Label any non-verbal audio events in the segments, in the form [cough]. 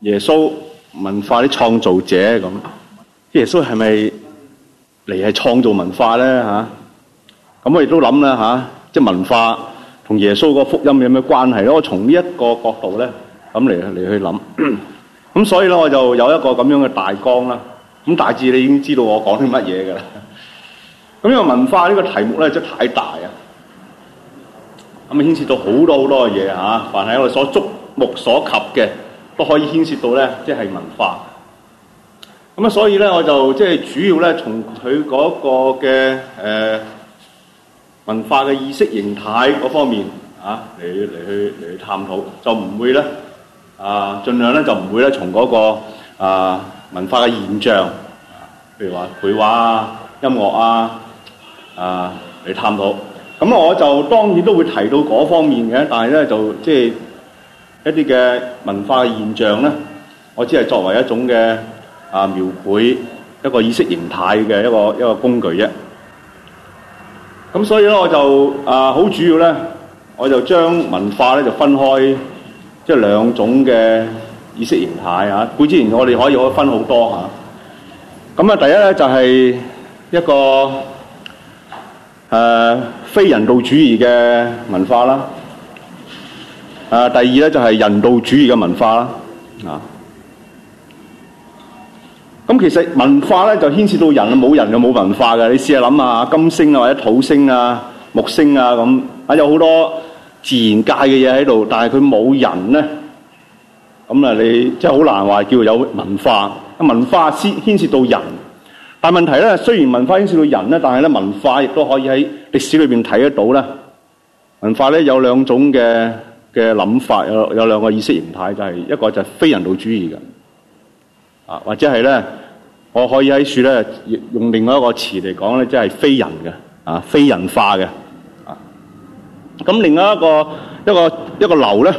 耶穌文化啲創造者咁，耶穌係咪嚟係創造文化咧吓？咁我亦都諗啦吓，即係文化同耶穌個福音有咩關係咧？我從呢一個角度咧，咁嚟嚟去諗，咁 [coughs] 所以咧我就有一個咁樣嘅大綱啦。咁大致你已經知道我講啲乜嘢噶啦。咁因為文化呢個題目咧真係太大啊，咁啊牽涉到好多好多嘅嘢吓，凡係我哋所觸目所及嘅。都可以牽涉到咧，即係文化。咁啊，所以咧，我就即係主要咧，從佢嗰個嘅誒文化嘅意識形態嗰方面啊，嚟嚟去嚟去探討，就唔會咧啊，盡量咧就唔會咧從嗰個啊文化嘅現象，譬如話繪畫啊、音樂啊啊嚟探討。咁我就當然都會提到嗰方面嘅，但係咧就即係。就是一啲嘅文化嘅現象咧，我只係作為一種嘅啊描繪一個意識形態嘅一個一個工具啫。咁所以咧，我就啊好主要咧，我就將文化咧就分開，即係兩種嘅意識形態嚇。古之言，我哋可以可分好多嚇。咁啊，第一咧就係一個誒非人道主義嘅文化啦。啊，第二咧就係人道主義嘅文化啦，啊，咁其實文化咧就牽涉到人啊，冇人就冇文化嘅。你試下諗下金星啊，或者土星啊、木星啊咁啊，有好多自然界嘅嘢喺度，但係佢冇人咧，咁啊，你即係好難話叫有文化。文化先牽涉到人，但係問題咧，雖然文化牽涉到人咧，但係咧文化亦都可以喺歷史裏邊睇得到咧。文化咧有兩種嘅。嘅諗法，有有兩個意識形態，就係一個就係非人道主義嘅，啊或者係咧，我可以喺處咧用另外一個詞嚟講咧，即係非人嘅，啊非人化嘅，啊咁另外一個一個一個流咧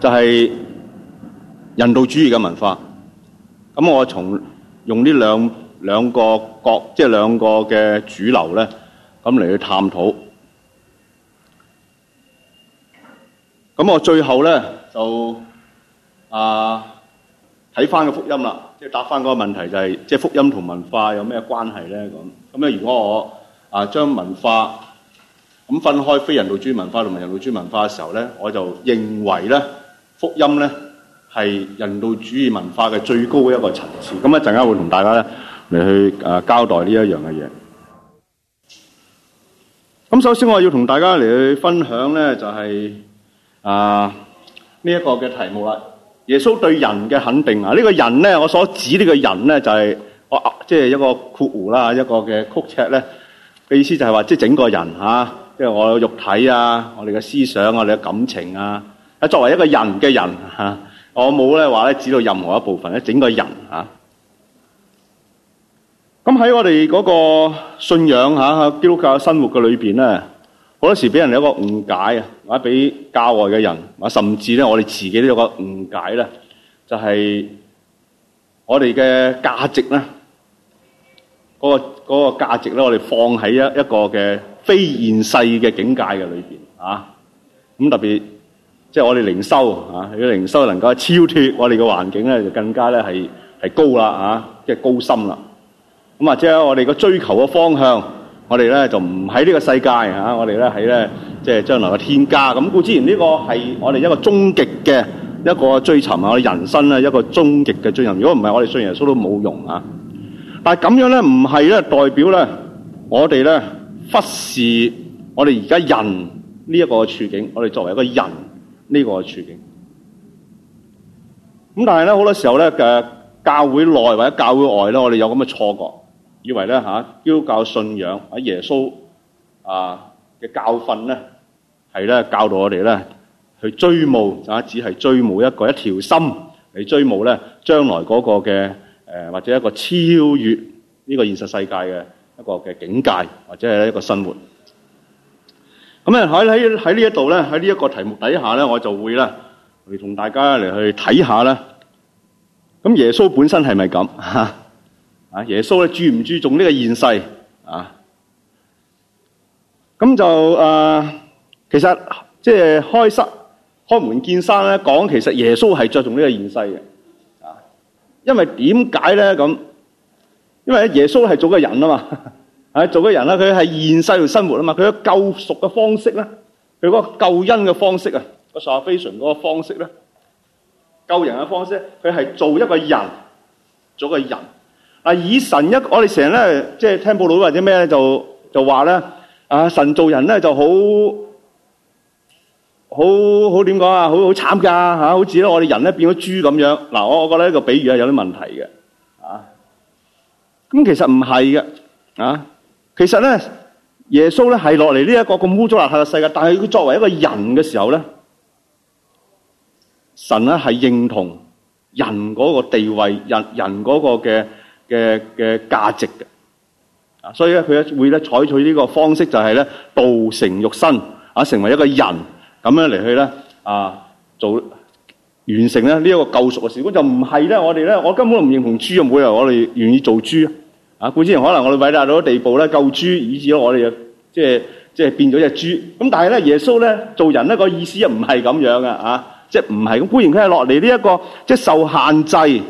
就係人道主義嘅文化。咁我從用呢兩兩個角，即係兩個嘅主流咧，咁嚟去探討。咁我最後咧就啊睇翻個福音啦，即係答翻嗰個問題，就係，就係即係福音同文化有咩關係咧？咁咁咧，如果我啊將文化咁分開非人道主義文化同埋人道主義文化嘅時候咧，我就認為咧福音咧係人道主義文化嘅最高一個層次。咁一陣間會同大家咧嚟去、啊、交代呢一樣嘅嘢。咁首先，我要同大家嚟去分享咧，就係、係。啊！呢、這、一個嘅題目啦，耶穌對人嘅肯定啊，呢、這個人咧，我所指呢個人咧就係我即係一個括弧啦，一個嘅曲尺咧嘅意思就係話即係整個人吓，即、啊、係、就是、我嘅肉體啊，我哋嘅思想，我哋嘅感情啊，啊，作為一個人嘅人吓、啊，我冇咧話咧指到任何一部分咧，整個人吓。咁、啊、喺我哋嗰個信仰吓、啊，基督教的生活嘅裏邊咧。好多時俾人哋一個誤解啊，或者俾教外嘅人，或甚至咧我哋自己都有個誤解咧，就係我哋嘅價值咧，嗰個個價值咧，我哋放喺一一個嘅非現世嘅境界嘅裏邊啊。咁特別即係我哋靈修啊，如果靈修能夠超脫我哋嘅環境咧，就更加咧係係高啦啊，即係高深啦。咁或者我哋嘅追求嘅方向。我哋咧就唔喺呢個世界吓，我哋咧喺咧即係將來嘅天家。咁固之然呢個係我哋一個終極嘅一個追尋啊，我哋人生咧一個終極嘅追尋。如果唔係，我哋信耶穌都冇用啊！但係咁樣咧，唔係咧代表咧，我哋咧忽視我哋而家人呢一個處境，我哋作為一個人呢個處境。咁但係咧好多時候咧，誒教會內或者教會外咧，我哋有咁嘅錯覺。以為咧吓，教教信仰喺耶穌啊嘅教訓咧，係咧教導我哋咧去追慕啊，只係追慕一個一條心嚟追慕咧將來嗰個嘅誒或者一個超越呢個現實世界嘅一個嘅境界或者係一個生活。咁咧喺喺喺呢一度咧喺呢一個題目底下咧，我就會咧嚟同大家嚟去睇下咧。咁耶穌本身係咪咁吓？啊！耶穌咧注唔注重呢個現世啊？咁就誒、呃，其實即係、就是、開室、開門見山咧講，其實耶穌係着重呢個現世嘅啊！因為點解咧咁？因為耶穌係做個人啊嘛，係做個人啦，佢係現世度生活啊嘛，佢嘅救贖嘅方式咧，佢嗰救恩嘅方式啊，個 salvation 嗰個方式咧，救人嘅方式，佢係做一個人，做個人。啊！以神一，我哋成日咧，即係聽報道或者咩咧，就就話咧，啊神做人咧就好好好點講啊，好好慘噶吓，好似咧我哋人咧變咗豬咁樣。嗱，我我覺得呢個比喻係有啲問題嘅啊。咁其實唔係嘅啊，其實咧、啊、耶穌咧係落嚟呢一個咁污糟邋遢嘅世界，但係佢作為一個人嘅時候咧，神咧係認同人嗰個地位，人人嗰個嘅。嘅嘅價值嘅，啊，所以咧佢咧會咧採取呢個方式，就係咧道成肉身啊，成為一個人咁樣嚟去咧啊，做完成咧呢一個救贖嘅事。如果就唔係咧，我哋咧，我根本唔認同豬啊，冇人我哋願意做豬啊。固之然可能我哋偉大到地步咧，救豬以至我哋即係即係變咗隻豬。咁但係咧，耶穌咧做人咧個意思又唔係咁樣嘅，啊，即係唔係咁。固然佢係落嚟呢一個即係受限制。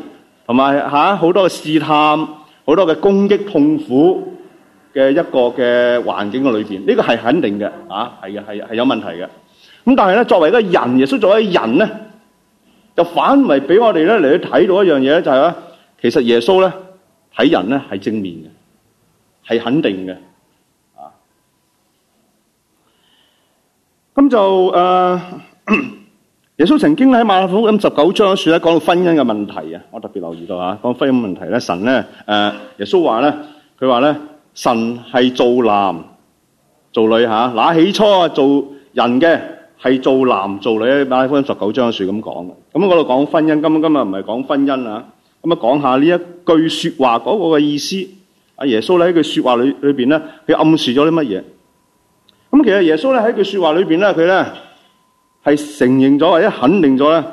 同埋嚇好多嘅試探，好多嘅攻擊、痛苦嘅一個嘅環境嘅裏邊，呢個係肯定嘅啊，係嘅，係係有問題嘅。咁但係咧，作為一個人，耶穌作為一個人咧，就反為俾我哋咧嚟去睇到一樣嘢咧，就係話其實耶穌咧睇人咧係正面嘅，係肯定嘅啊。咁就啊。呃 [coughs] 耶穌曾經喺馬太福音十九章嗰處咧講到婚姻嘅問題啊，我特別留意到吓講婚姻嘅問題咧，神咧誒，耶穌話咧，佢話咧，神係做男做女吓，嗱、啊、起初做人嘅係做男做女，喺馬太福音十九章嗰處咁講嘅。咁我度講婚姻，今今日唔係講婚姻啦，咁啊講下呢一句說話嗰個嘅意思。阿耶穌咧喺句說話裏裏邊咧，佢暗示咗啲乜嘢？咁其實耶穌咧喺句說話裏邊咧，佢咧。係承認咗或者肯定咗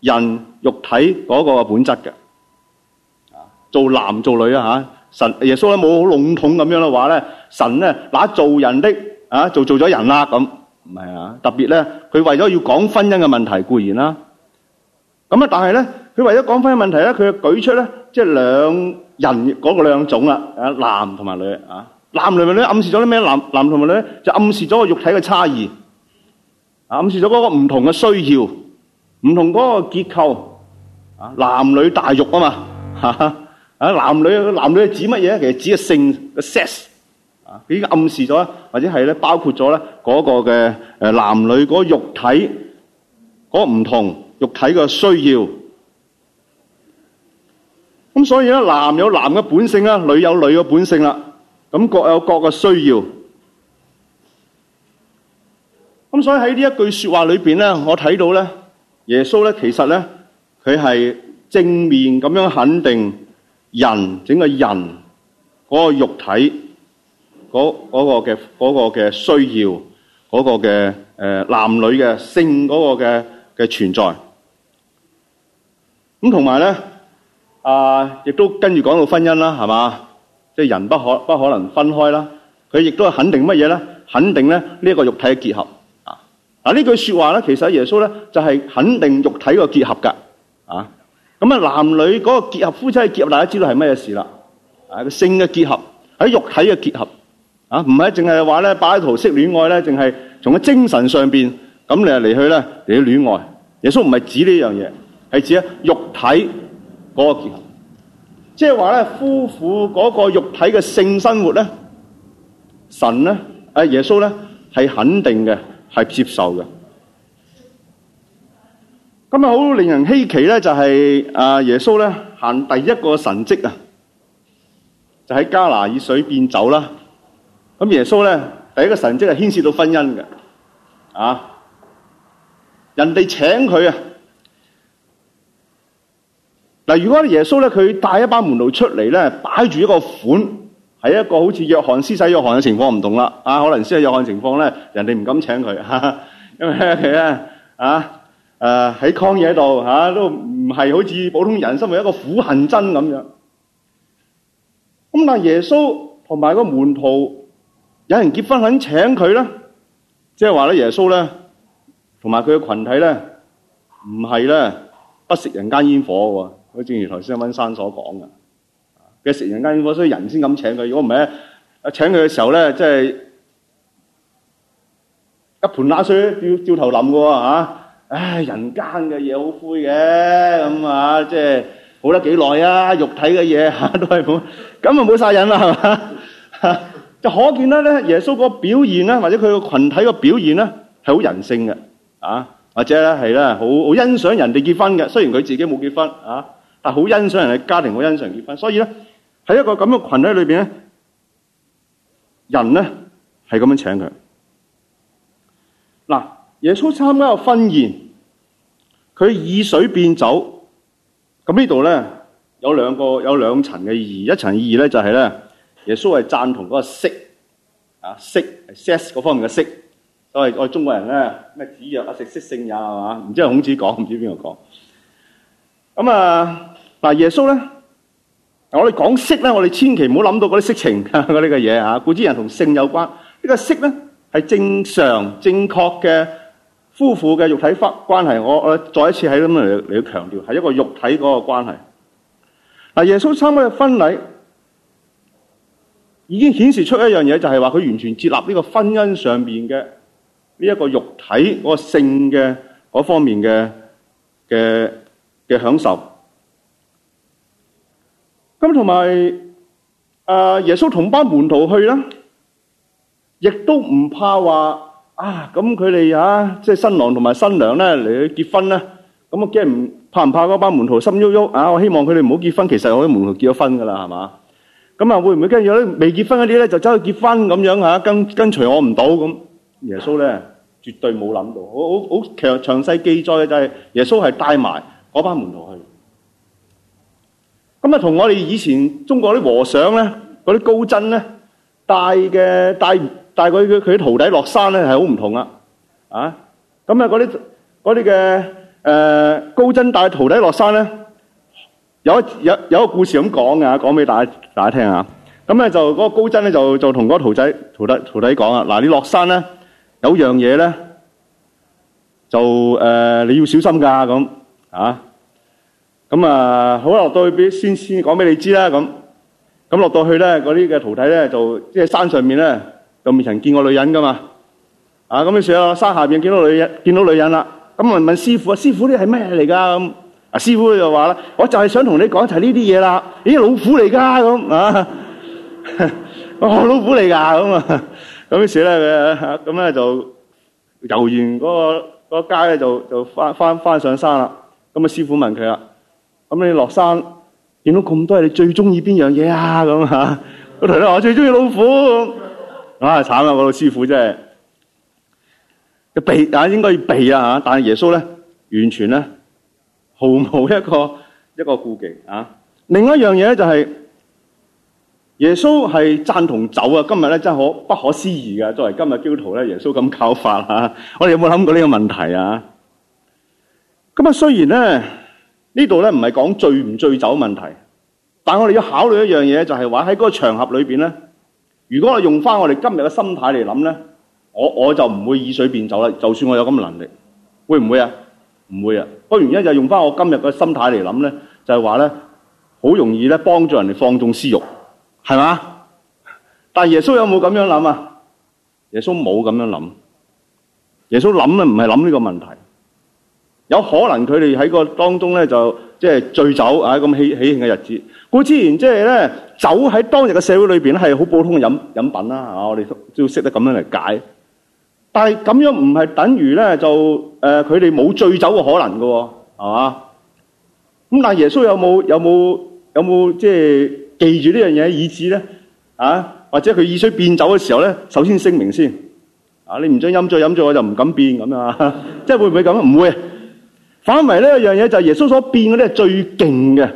人肉體嗰個本質嘅，做男做女啦、啊、神耶穌咧冇好籠統咁樣嘅話呢神呢，拿，做人的啊，就做咗人啦咁，唔係啊，啊、特別呢，佢為咗要講婚姻嘅問題固然啦，咁但係呢，佢為咗講婚姻問題呢，佢舉出呢，即係兩人嗰個兩種啦、啊，男同埋女、啊、男同埋女呢，暗示咗啲咩？男男同埋女就暗示咗個肉體嘅差異。暗示咗嗰個唔同嘅需要，唔同嗰個結構啊，男女大欲啊嘛，吓吓，啊男女男女指乜嘢咧？其實指嘅性 sex 啊，佢已經暗示咗，或者係咧包括咗咧嗰個嘅誒男女嗰個肉體嗰個唔同肉體嘅需要。咁所以咧，男有男嘅本性啦，女有女嘅本性啦，咁各有各嘅需要。咁所以喺呢一句説話裏邊咧，我睇到咧，耶穌咧其實咧佢係正面咁樣肯定人，整個人嗰個肉體，嗰嗰個嘅嗰個嘅需要，嗰個嘅誒男女嘅性嗰個嘅嘅存在。咁同埋咧啊，亦都跟住講到婚姻啦，係嘛？即係人不可不可能分開啦。佢亦都係肯定乜嘢咧？肯定咧呢一個肉體嘅結合。嗱，呢句說話咧，其實耶穌咧就係肯定肉體個結合噶啊。咁啊，男女嗰個結合，夫妻嘅結合，大家知道係乜嘢事啦？啊，個性嘅結合喺肉體嘅結合啊，唔係淨係話咧柏拉圖式戀愛咧，淨係從個精神上邊咁你嚟嚟去咧嚟去戀愛。耶穌唔係指呢樣嘢，係指啊肉體嗰個結合，即係話咧夫婦嗰個肉體嘅性生活咧，神咧啊耶穌咧係肯定嘅。係接受嘅，咁啊好令人稀奇咧，就係耶穌咧行第一個神蹟就喺加拿以水變酒啦。咁耶穌咧第一個神蹟係牽涉到婚姻的啊，人哋請佢啊，嗱如果耶穌咧佢帶一班門徒出嚟咧，擺住一個款。係一個好似約翰施洗約翰嘅情況唔同啦，啊，可能施洗約翰情況咧，人哋唔敢請佢，因為佢咧，啊，誒、呃，喺曠野度，吓、啊、都唔係好似普通人身為一個苦行僧咁樣。咁但耶穌同埋個門徒，有人結婚肯請佢咧，即係話咧耶穌咧，同埋佢嘅群體咧，唔係咧不食人間煙火嘅喎，好正如頭先溫生所講嘅。嘅食人間煙火，所以人先咁請佢。如果唔係啊請佢嘅時候咧，即係一盆冷水，掉掉頭冧喎。唉，人間嘅嘢好灰嘅，咁啊，即係好得幾耐啊，肉體嘅嘢嚇都係咁咁啊冇晒癮啦，係嘛？就可見得咧，耶穌個表現咧，或者佢個群體個表現咧，係好人性嘅啊，或者係啦，好好欣賞人哋結婚嘅。雖然佢自己冇結婚啊，但係好欣賞人哋家庭，好欣賞結婚，所以咧。喺一個咁嘅群裏面，人呢係咁樣請佢。嗱，耶穌參加一個婚宴，佢以水變酒。咁呢度呢，有兩個有兩層嘅意義，一層意義呢，就係呢：耶穌係贊同嗰個色啊色 sex 嗰方面嘅色。所以我哋我中國人呢，咩子曰啊食色性也，係嘛？唔知係孔子講唔知邊個講。咁啊耶穌呢。我哋講色呢，我哋千祈唔好諗到嗰啲色情嗰啲嘅嘢吓。古之人同性有關，呢個色呢，係正常、正確嘅夫婦嘅肉體關關係。我我再一次喺咁嚟嚟去強調，係一個肉體嗰個關係。耶穌參加嘅婚禮已經顯示出一樣嘢，就係話，佢完全接納呢個婚姻上面嘅呢一個肉體嗰個性嘅嗰方面嘅嘅嘅享受。咁同埋，誒，耶穌同班門徒去啦，亦都唔怕話啊，咁佢哋啊，即係新郎同埋新娘咧嚟去結婚咧，咁我驚唔怕唔怕嗰班門徒心喐喐啊！我希望佢哋唔好結婚，其實我啲門徒結咗婚噶啦，係嘛？咁啊，會唔會跟住啲未結婚嗰啲咧就走去結婚咁樣吓跟跟隨我唔到？咁耶穌咧絕對冇諗到，好好好，其實詳細記載嘅就係耶穌係帶埋嗰班門徒去。咁啊，同我哋以前中國啲和尚咧，嗰啲高僧咧，帶嘅帶帶佢佢佢啲徒弟落山咧，係好唔同啦，啊！咁啊，嗰啲嗰啲嘅誒高僧帶徒弟落山咧，有有有一個故事咁講㗎，講俾大家大家聽下。咁咧就嗰個高僧咧就就同嗰個徒弟徒弟徒弟講啊，嗱，你落山咧有樣嘢咧就誒你要小心噶，咁啊。咁啊，好落、啊、到去先，先先講俾你知啦。咁咁落到去咧，嗰啲嘅徒弟咧，就即係、就是、山上面咧，就未曾見過女人㗎嘛。啊，咁於是啊，山下邊見到女人，見到女人啦。咁問問師傅啊，師傅呢係咩嚟㗎？咁啊，師傅就話啦，我就係想同你講一齊呢啲嘢啦。咦，老虎嚟㗎咁啊，我老虎嚟㗎咁啊。咁於是咧，咁咧就遊完嗰個嗰街咧，就就翻翻翻上山啦。咁啊，師傅問佢啦。咁你落山見到咁多，你最中意邊樣嘢啊？咁同徒弟我最中意老虎， [laughs] 啊慘啊！我老師傅真係要避啊，應該要避啊吓。但係耶穌咧，完全咧，毫無一個一個顧忌啊。另一樣嘢咧，就是，就係耶穌係讚同走啊。今日咧真係好不可思議啊，作為今日基督徒咧，耶穌咁靠法吓，啊。我哋有冇諗過呢個問題啊？咁啊，雖然咧。呢度咧唔係講醉唔醉酒問題，但係我哋要考慮一樣嘢，就係話喺嗰個場合裏邊咧，如果我用翻我哋今日嘅心態嚟諗咧，我我就唔會以水變酒啦。就算我有咁嘅能力，會唔會啊？唔會啊！個原因就係用翻我今日嘅心態嚟諗咧，就係話咧，好容易咧幫助人哋放縱私欲，係嘛？但係耶穌有冇咁樣諗啊？耶穌冇咁樣諗，耶穌諗咧唔係諗呢個問題。有可能佢哋喺個當中咧，就即係醉酒啊！咁喜喜慶嘅日子，故之然即係咧酒喺當日嘅社會裏邊咧，係好普通嘅飲飲品啦。啊，我哋都要識得咁樣嚟解。但係咁樣唔係等於咧就誒，佢哋冇醉酒嘅可能噶，係嘛？咁但係耶穌有冇有冇有冇即係記住呢樣嘢嘅意志咧？啊，或者佢以水變酒嘅時候咧，首先聲明先不喝喝不啊，你唔准飲醉飲醉，我就唔敢變咁啊。即係會唔會咁啊？唔會。反為呢一樣嘢，就係耶穌所變嗰啲最勁嘅，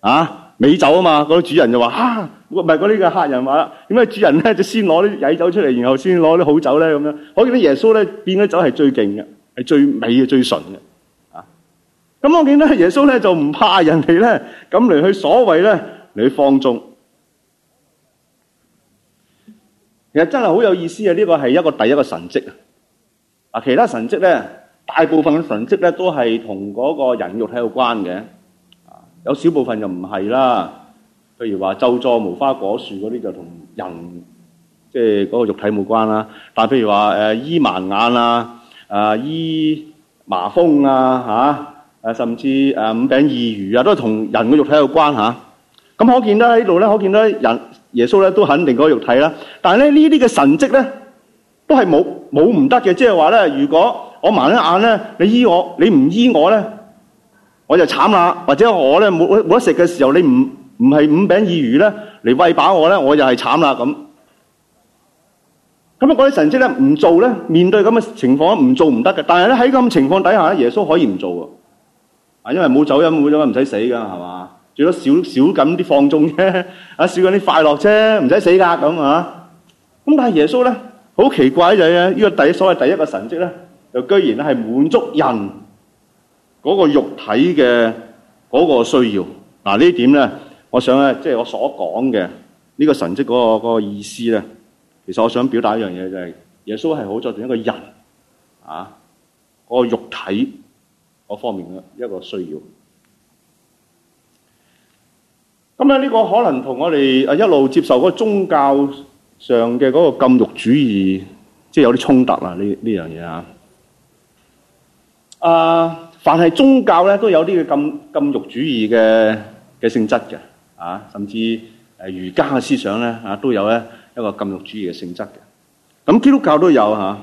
啊美酒啊嘛，嗰啲主人就話啊，唔係，嗰啲嘅客人話啦，點解主人咧就先攞啲曳酒出嚟，然後先攞啲好酒咧咁樣？可見到耶穌咧變咗酒係最勁嘅，係最美嘅、最純嘅啊！咁我見到耶穌咧就唔怕人哋咧咁嚟去所謂咧嚟去放縱。其實真係好有意思啊！呢個係一個第一個神蹟啊！啊，其他神蹟咧。大部分嘅神蹟咧都係同嗰個人肉體有關嘅，啊，有少部分就唔係啦。譬如話咒詛，無花果樹嗰啲就同人，即係嗰個肉體冇關啦。但譬如話誒，醫盲眼啊，啊、呃、醫麻風啊吓，誒、啊啊、甚至誒五餅二魚啊，都係同人嘅肉體有關吓。咁、啊、可見得喺度咧，可見得人耶穌咧都肯定嗰個肉體啦。但係咧呢啲嘅神蹟咧都係冇冇唔得嘅，即係話咧如果。我盲一眼咧，你醫我，你唔醫我咧，我就慘啦。或者我咧冇冇得食嘅時候，你唔唔係五餅二魚咧嚟餵飽我咧，我就係慘啦咁。咁啊，嗰啲神蹟咧唔做咧，面對咁嘅情況唔做唔得嘅。但係咧喺咁情況底下，耶穌可以唔做啊？啊，因為冇酒飲冇啫嘛，唔使死噶係嘛，最多少少咁啲放縱啫，啊少咁啲快樂啫，唔使死噶咁啊。咁但係耶穌咧好奇怪就係、是、咧，呢、這個第所謂第一個神蹟咧，居然咧係滿足人嗰個肉體嘅嗰個需要，嗱呢點咧，我想咧，即係我所講嘅呢個神蹟嗰個嗰個意思咧，其實我想表達一樣嘢就係耶穌係好着重一個人啊個肉體嗰方面嘅一個需要。咁咧呢個可能同我哋一路接受嗰個宗教上嘅嗰個禁欲主義，即係有啲衝突啦呢呢樣嘢啊！啊！凡係宗教咧，都有啲嘅禁禁欲主義嘅嘅性質嘅，啊，甚至誒、呃、儒家嘅思想咧，啊，都有咧一個禁欲主義嘅性質嘅。咁基督教都有、啊、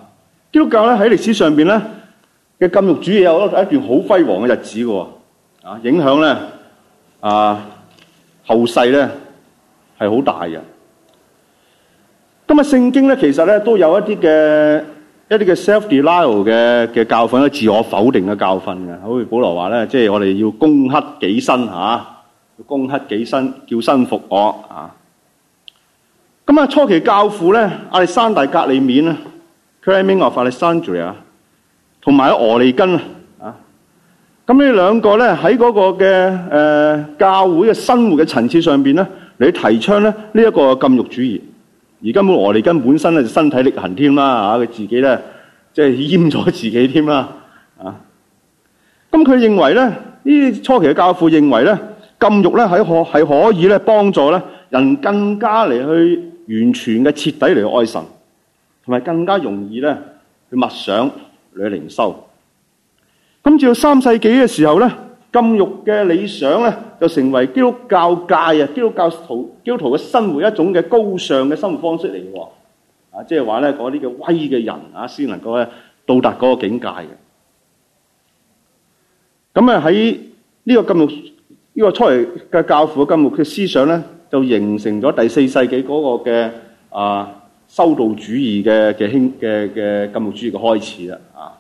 基督教咧喺歷史上面，咧嘅禁欲主義有一段好輝煌嘅日子嘅，啊，影響咧啊後世咧係好大嘅。咁啊，聖經咧其實咧都有一啲嘅。一啲嘅 self denial 嘅嘅教訓，自我否定嘅教訓嘅，好似保羅話咧，即係我哋要攻克己身吓，要攻克己身，叫身服我啊。咁啊，初期教父咧，阿歷山大隔里面了啊 Clement of Alexandria 同埋喺俄利根啊，啊，咁呢兩個咧喺嗰個嘅誒、呃、教會嘅生活嘅層次上面咧，你提倡咧呢一個禁欲主義。而根本俄利根本身咧就身體力行添啦，吓佢自己咧即係閹咗自己添啦，啊！咁佢認為咧，呢啲初期嘅教父認為咧，禁欲咧係可係可以咧幫助咧人更加嚟去完全嘅徹底嚟愛神，同埋更加容易咧去默想嚟靈修。咁至到三世紀嘅時候咧。禁欲嘅理想咧，就成為基督教界啊、基督教徒、基督徒嘅生活一種嘅高尚嘅生活方式嚟嘅喎，啊，即係話咧，嗰啲嘅威嘅人啊，先能夠咧到達嗰個境界嘅。咁啊喺呢個禁欲，呢個初嚟嘅教父嘅禁欲嘅思想咧，就形成咗第四世紀嗰個嘅啊修道主義嘅嘅興嘅嘅禁欲主義嘅開始啦，啊。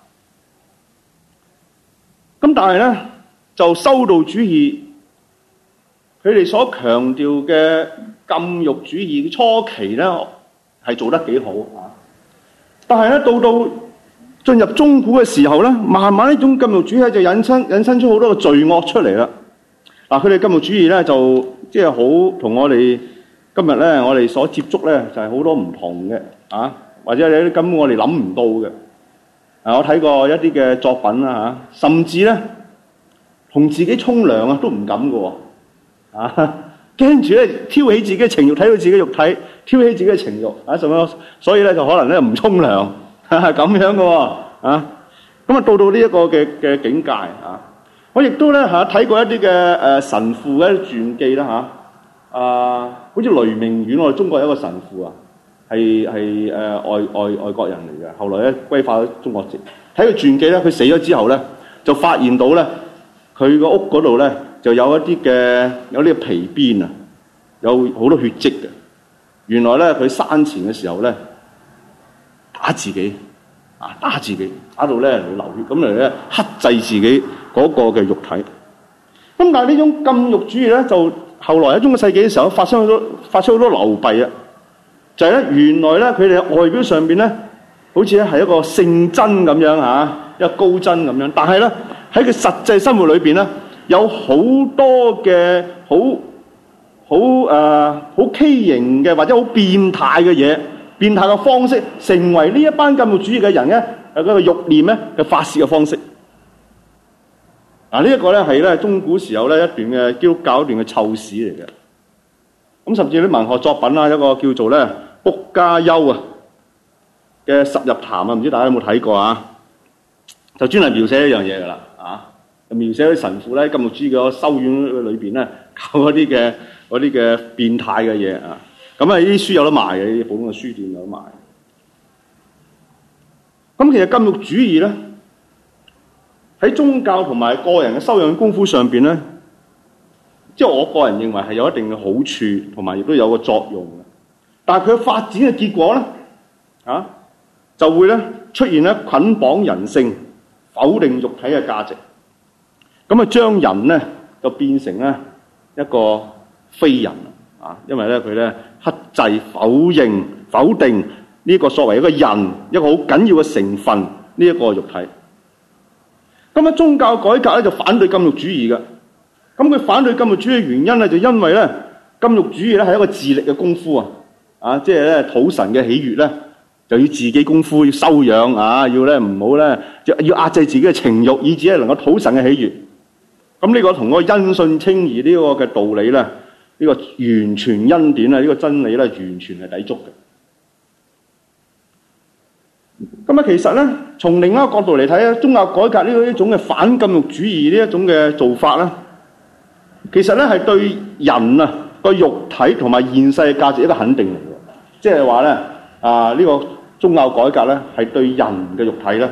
咁但係咧。就修道主義，佢哋所強調嘅禁欲主義初期咧，係做得幾好嚇。但係咧到到進入中古嘅時候咧，慢慢呢種禁欲主義就引申引申出好多個罪惡出嚟啦。嗱，佢哋禁欲主義咧就即係好同我哋今日咧我哋所接觸咧就係好多唔同嘅啊，或者根本我哋諗唔到嘅。啊，我睇過一啲嘅作品啦嚇，甚至咧。同自己沖涼啊，都唔敢嘅喎，啊，驚住咧挑起自己嘅情欲，睇到自己肉體，挑起自己嘅情欲。啊，所以咧就可能咧唔沖涼，咁樣嘅喎，啊咁啊到到呢一個嘅嘅境界啊，我亦都咧啊睇過一啲嘅、呃、神父嘅傳記啦啊好似、啊、雷明遠，我哋中國有一個神父啊，係、呃、外外外國人嚟嘅，後來咧歸化咗中國籍。睇佢傳記咧，佢死咗之後咧，就發現到咧。佢個屋嗰度咧就有一啲嘅有啲皮鞭啊，有好多血跡嘅。原來咧佢生前嘅時候咧打自己，啊打自己打到咧流血，咁嚟咧剋制自己嗰個嘅肉體。咁但係呢種禁慾主義咧，就後來喺中世紀嘅時候發生咗，發生好多流弊啊！就係、是、咧原來咧佢哋外表上邊咧好似咧係一個聖人咁樣嚇，一個高僧咁樣，但係咧。喺佢實際生活裏邊咧，有好多嘅好好誒好畸形嘅或者好變態嘅嘢，變態嘅方式成為呢一班禁慾主義嘅人咧，誒嗰個慾念咧嘅發泄嘅方式。嗱，呢一個咧係咧中古時候咧一段嘅基督教一段嘅臭史嚟嘅。咁甚至啲文學作品啦，一個叫做咧《卜家休》啊嘅《十日談》啊，唔知大家有冇睇過啊？就專係描寫一樣嘢噶啦。就描寫神父呢禁慾主義嘅修院裏面，呢搞嗰啲嘅嗰啲嘅變態嘅嘢啊。咁啊，呢啲書有得賣嘅，呢啲普通嘅書店有得賣。咁其實禁慾主義呢，喺宗教同埋個人嘅修養功夫上面，呢即係我個人認為係有一定嘅好處，同埋亦都有個作用嘅。但係佢發展嘅結果呢，啊就會呢出現呢捆綁人性、否定肉體嘅價值。咁啊，將人咧就變成咧一個非人啊！因為咧佢咧克制、否認、否定呢個作為一個人一個好緊要嘅成分呢一個肉體。咁啊，宗教改革咧就反對禁慾主義嘅。咁佢反對禁慾主義嘅原因咧，就因為咧禁慾主義咧係一個自力嘅功夫啊！啊，即係咧討神嘅喜悅咧，就要自己功夫要修養啊，要咧唔好咧要壓制自己嘅情慾，以至咧能夠討神嘅喜悅。咁呢個同嗰個因信稱義呢個嘅道理咧，呢、這個完全恩典咧，呢、這個真理咧，完全係抵觸嘅。咁啊，其實咧，從另一個角度嚟睇咧，宗教改革呢一種嘅反禁欲主義呢一種嘅做法咧，其實咧係對人啊個肉體同埋現世嘅價值一個肯定嚟嘅，即係話咧啊呢、這個宗教改革咧係對人嘅肉體咧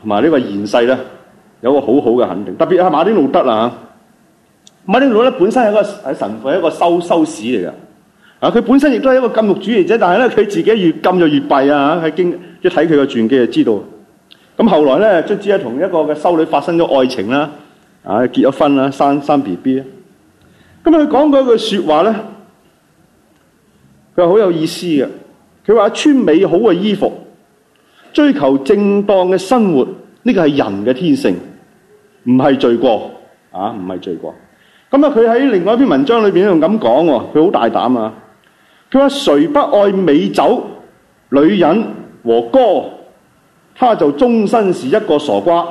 同埋呢個現世咧。有個好好嘅肯定，特別係馬丁路德啦，吓、啊、馬丁路德本身係一個是神父，一個修修士嚟嘅，啊，佢本身亦都係一個禁欲主義者，但係咧佢自己越禁就越弊啊！喺經一睇佢嘅傳記就知道，咁、啊、後來咧卒之咧同一個嘅修女發生咗愛情啦，啊，結咗婚啦，生生 B B，咁啊講過一句話呢說話咧，佢好有意思嘅，佢話穿美好嘅衣服，追求正當嘅生活，呢個係人嘅天性。唔係罪，罪過，啊唔係罪過。咁啊，佢喺另外一篇文章裏面仲咁講喎，佢好大膽啊！佢話誰不愛美酒、女人和歌，他就終身是一個傻瓜。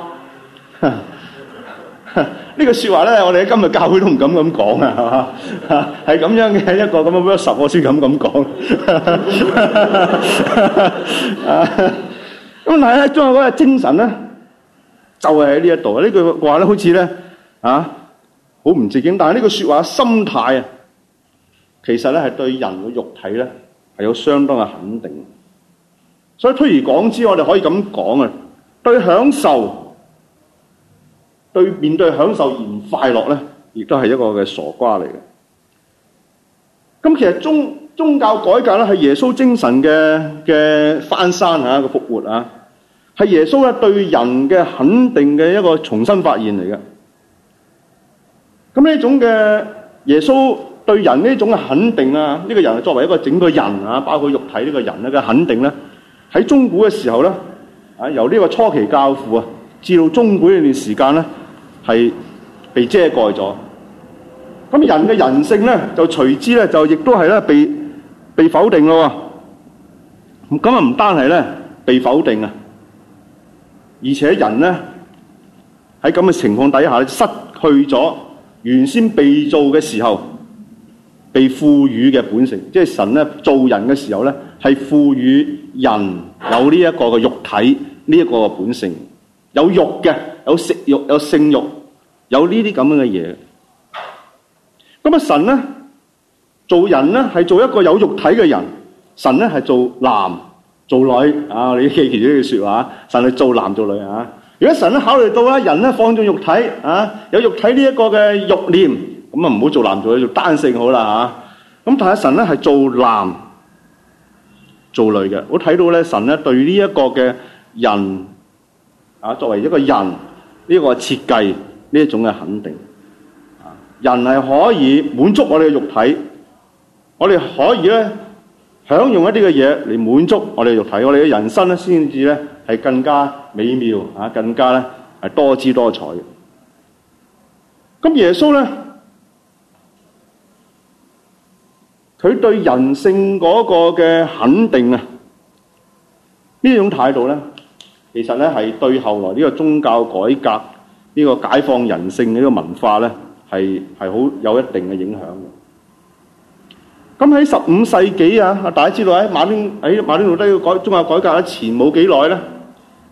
呢、啊啊這個說話咧，我哋喺今日教會都唔敢咁講啊，係咁樣嘅一個咁嘅 verse，我先敢咁講。咁、啊啊啊、但係呢，中有嗰個精神咧。就係喺呢一度，呢句話咧，好似咧啊，好唔正經。但係呢句説話，心態啊，其實咧係對人嘅肉體咧係有相當嘅肯定的。所以推而廣之，我哋可以咁講啊，對享受，對面對享受而唔快樂咧，亦都係一個嘅傻瓜嚟嘅。咁其實宗宗教改革咧，係耶穌精神嘅嘅翻山啊，個復活啊。係耶穌對人嘅肯定嘅一個重新發現嚟嘅，咁呢種嘅耶穌對人呢種嘅肯定啊，呢、這個人作為一個整個人啊，包括肉體呢個人的嘅肯定呢，喺中古嘅時候呢，啊由呢個初期教父啊，至到中古呢段時間呢，係被遮蓋咗，咁人嘅人性呢，就隨之呢，就亦都係呢被被否定咯、哦，咁唔單係呢被否定啊。而且人呢，喺咁嘅情況底下，失去咗原先被造嘅時候被賦予嘅本性。即係神呢造人嘅時候呢，係賦予人有呢一個嘅肉體，呢一個嘅本性，有肉嘅，有食慾，有性慾，有呢啲咁樣嘅嘢。咁啊，神呢，做人呢，係做一個有肉體嘅人，神呢，係做男，做女啊，你記住呢句說話，神係做男做女啊。如果神都考慮到啦，人咧放縱肉體啊，有肉體呢一個嘅欲念，咁啊唔好做男做女，做單性好啦啊。咁但係神咧係做男做女嘅，我睇到咧神咧對呢一個嘅人啊，作為一個人呢個設計呢一種嘅肯定。啊、人係可以滿足我哋嘅肉體，我哋可以咧。享用一啲嘅嘢嚟滿足我哋嘅肉體，我哋嘅人生咧先至咧係更加美妙啊，更加咧係多姿多彩嘅。咁耶穌咧，佢對人性嗰個嘅肯定啊，呢種態度咧，其實咧係對後來呢個宗教改革呢個解放人性嘅呢個文化咧，係係好有一定嘅影響嘅。咁喺十五世紀啊，大家知道喺馬丁喺馬丁路德嘅改宗教改革嘅前冇幾耐咧，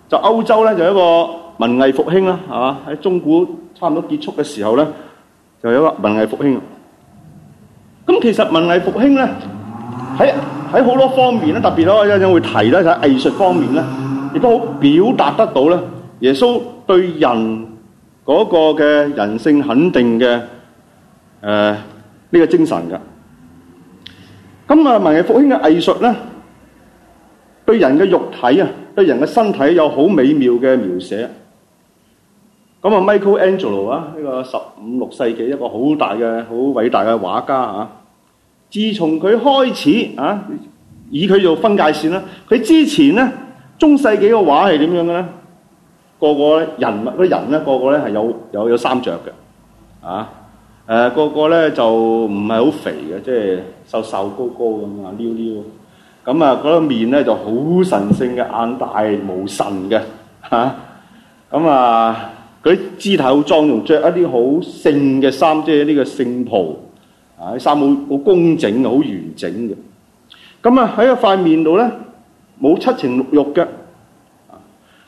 就歐洲咧就一個文藝復興啦，係嘛？喺中古差唔多結束嘅時候咧，就有一個文藝復興。咁其實文藝復興咧，喺喺好多方面咧，特別我一陣會提咧，就喺藝術方面咧，亦都好表達得到咧，耶穌對人嗰個嘅人性肯定嘅誒呢個精神㗎。咁啊，文藝復興嘅藝術咧，對人嘅肉體啊，對人嘅身體有好美妙嘅描寫。咁啊，Michael Angelo 啊，呢個十五六世紀一個好大嘅、好偉大嘅畫家啊。自從佢開始啊，以佢做分界線啦。佢之前咧，中世紀嘅畫係點樣嘅咧？個個人物嘅人咧，個個咧係有有有三隻嘅，啊。誒、呃、個個咧就唔係好肥嘅，即係瘦瘦高高咁啊，溜溜。咁啊，嗰個面咧就好神聖嘅，眼大冇神嘅嚇。咁啊，佢、啊、啲姿態好莊重，着一啲好聖嘅衫，即係呢個聖袍。啊，啲衫好好工整，好完整嘅。咁啊，喺一塊面度咧，冇七情六欲嘅。啊，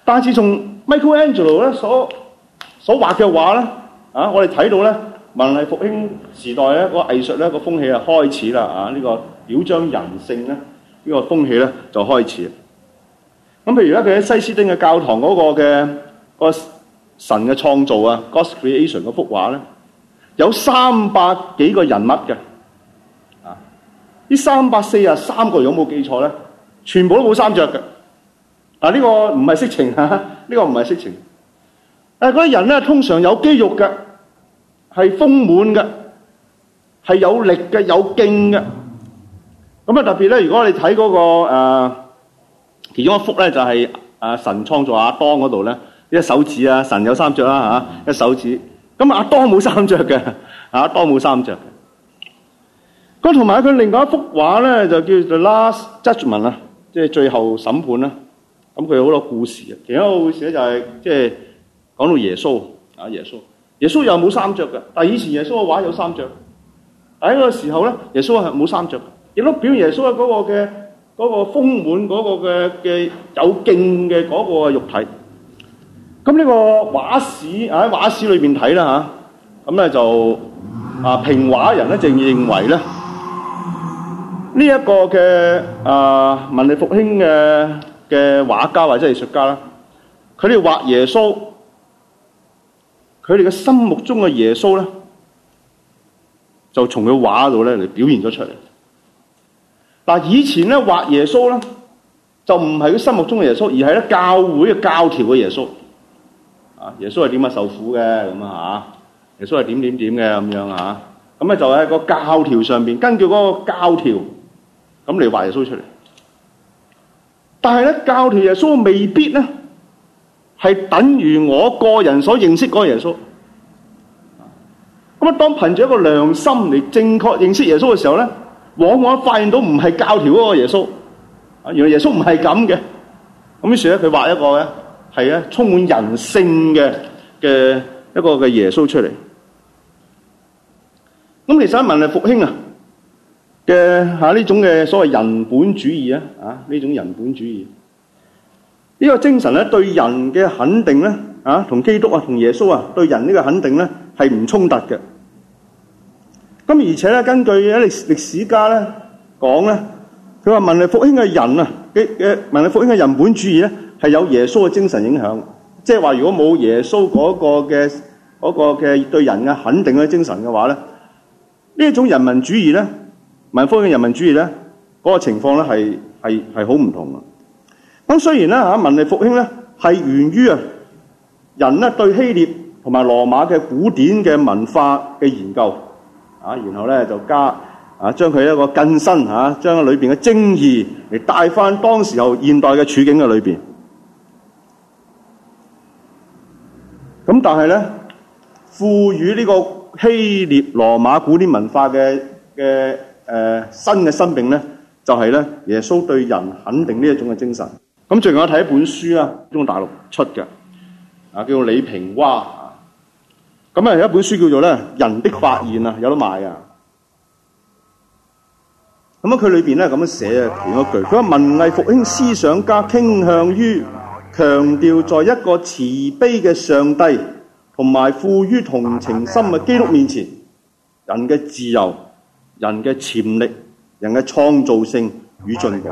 但係自從 Michael Angelo 咧所所畫嘅畫咧，啊，我哋睇到咧。文藝復興時代咧，個藝術咧個風氣啊開始啦啊！呢個表彰人性咧呢個風氣咧就開始。咁譬如咧，佢喺西斯丁嘅教堂嗰個嘅個神嘅創造啊《God's Creation》嗰幅畫咧，有三百幾個人物嘅啊！呢三百四啊三個人有冇記錯咧？全部都冇衫着嘅。嗱呢個唔係色情吓，呢個唔係色情。誒，嗰啲人咧通常有肌肉嘅。係豐滿嘅，係有力嘅，有勁嘅。咁啊，特別咧，如果你睇嗰、嗰個、呃、其中一幅咧，就係、是呃、神創造阿當嗰度咧，一手指啊，神有三隻啦嚇，一手指。咁、啊、阿當冇三隻嘅，阿當冇三隻。咁同埋佢另外一幅畫咧，就叫做、The、Last Judgment 啊，即係最後審判啦。咁佢好多故事啊，其中一個故事咧就係即係講到耶穌啊，耶穌。耶穌又冇衫著嘅，但以前耶穌嘅畫有衫著。喺個時候咧，耶穌係冇衫著，亦都表現耶穌嗰個嘅嗰、嗰個豐滿嗰、嗰個嘅嘅有勁嘅嗰個肉體。咁呢個畫史喺畫史裏邊睇啦吓，咁咧就啊評畫人咧，就認為咧呢一個嘅、啊、文藝復興嘅嘅畫家或者藝術家啦，佢哋畫耶穌。佢哋嘅心目中嘅耶穌咧，就從佢畫度咧嚟表現咗出嚟。嗱，以前咧畫耶穌咧，就唔係佢心目中嘅耶穌，而係咧教會嘅教條嘅耶穌。啊，耶穌係點啊受苦嘅咁啊吓，耶穌係點點點嘅咁樣吓，咁咧就喺個教條上邊，根據嗰個教條，咁嚟畫耶穌出嚟。但係咧，教條耶穌未必咧。係等於我個人所認識嗰個耶穌，咁啊，當憑住一個良心嚟正確認識耶穌嘅時候咧，往往發現到唔係教條嗰個耶穌，啊，原來耶穌唔係咁嘅，咁於是咧，佢畫一個咧，係充滿人性嘅嘅一個嘅耶穌出嚟。咁其實文藝復興啊嘅吓呢種嘅所謂人本主義啊，啊呢種人本主義。呢個精神咧，對人嘅肯定咧，啊，同基督啊，同耶穌啊，對人呢個肯定咧，係唔衝突嘅。咁而且咧，根據一歷歷史家咧講咧，佢話文藝復興嘅人啊，嘅嘅文藝復興嘅人本主義咧，係有耶穌嘅精神影響。即係、那個、話，如果冇耶穌嗰個嘅嗰嘅對人嘅肯定嘅精神嘅話咧，呢一種人民主義咧，文藝復興嘅人民主義咧，嗰、那個情況咧係係係好唔同啊！咁雖然咧嚇，文藝復興咧係源於啊人咧對希臘同埋羅馬嘅古典嘅文化嘅研究啊，然後咧就加啊將佢一個更新嚇，將裏邊嘅精義嚟帶翻當時候現代嘅處境嘅裏邊。咁但係咧賦予呢個希臘羅馬古典文化嘅嘅誒新嘅生命咧，就係、是、咧耶穌對人肯定呢一種嘅精神。咁最近我睇一本書啦，中國大陸出嘅，啊叫做李平蛙。咁啊有一本書叫做咧《人的發現》啊，有得賣啊。咁啊佢裏邊咧咁樣寫啊，一句：佢話文藝復興思想家傾向於強調，在一個慈悲嘅上帝同埋富於同情心嘅基督面前，人嘅自由、人嘅潛力、人嘅創造性與進步。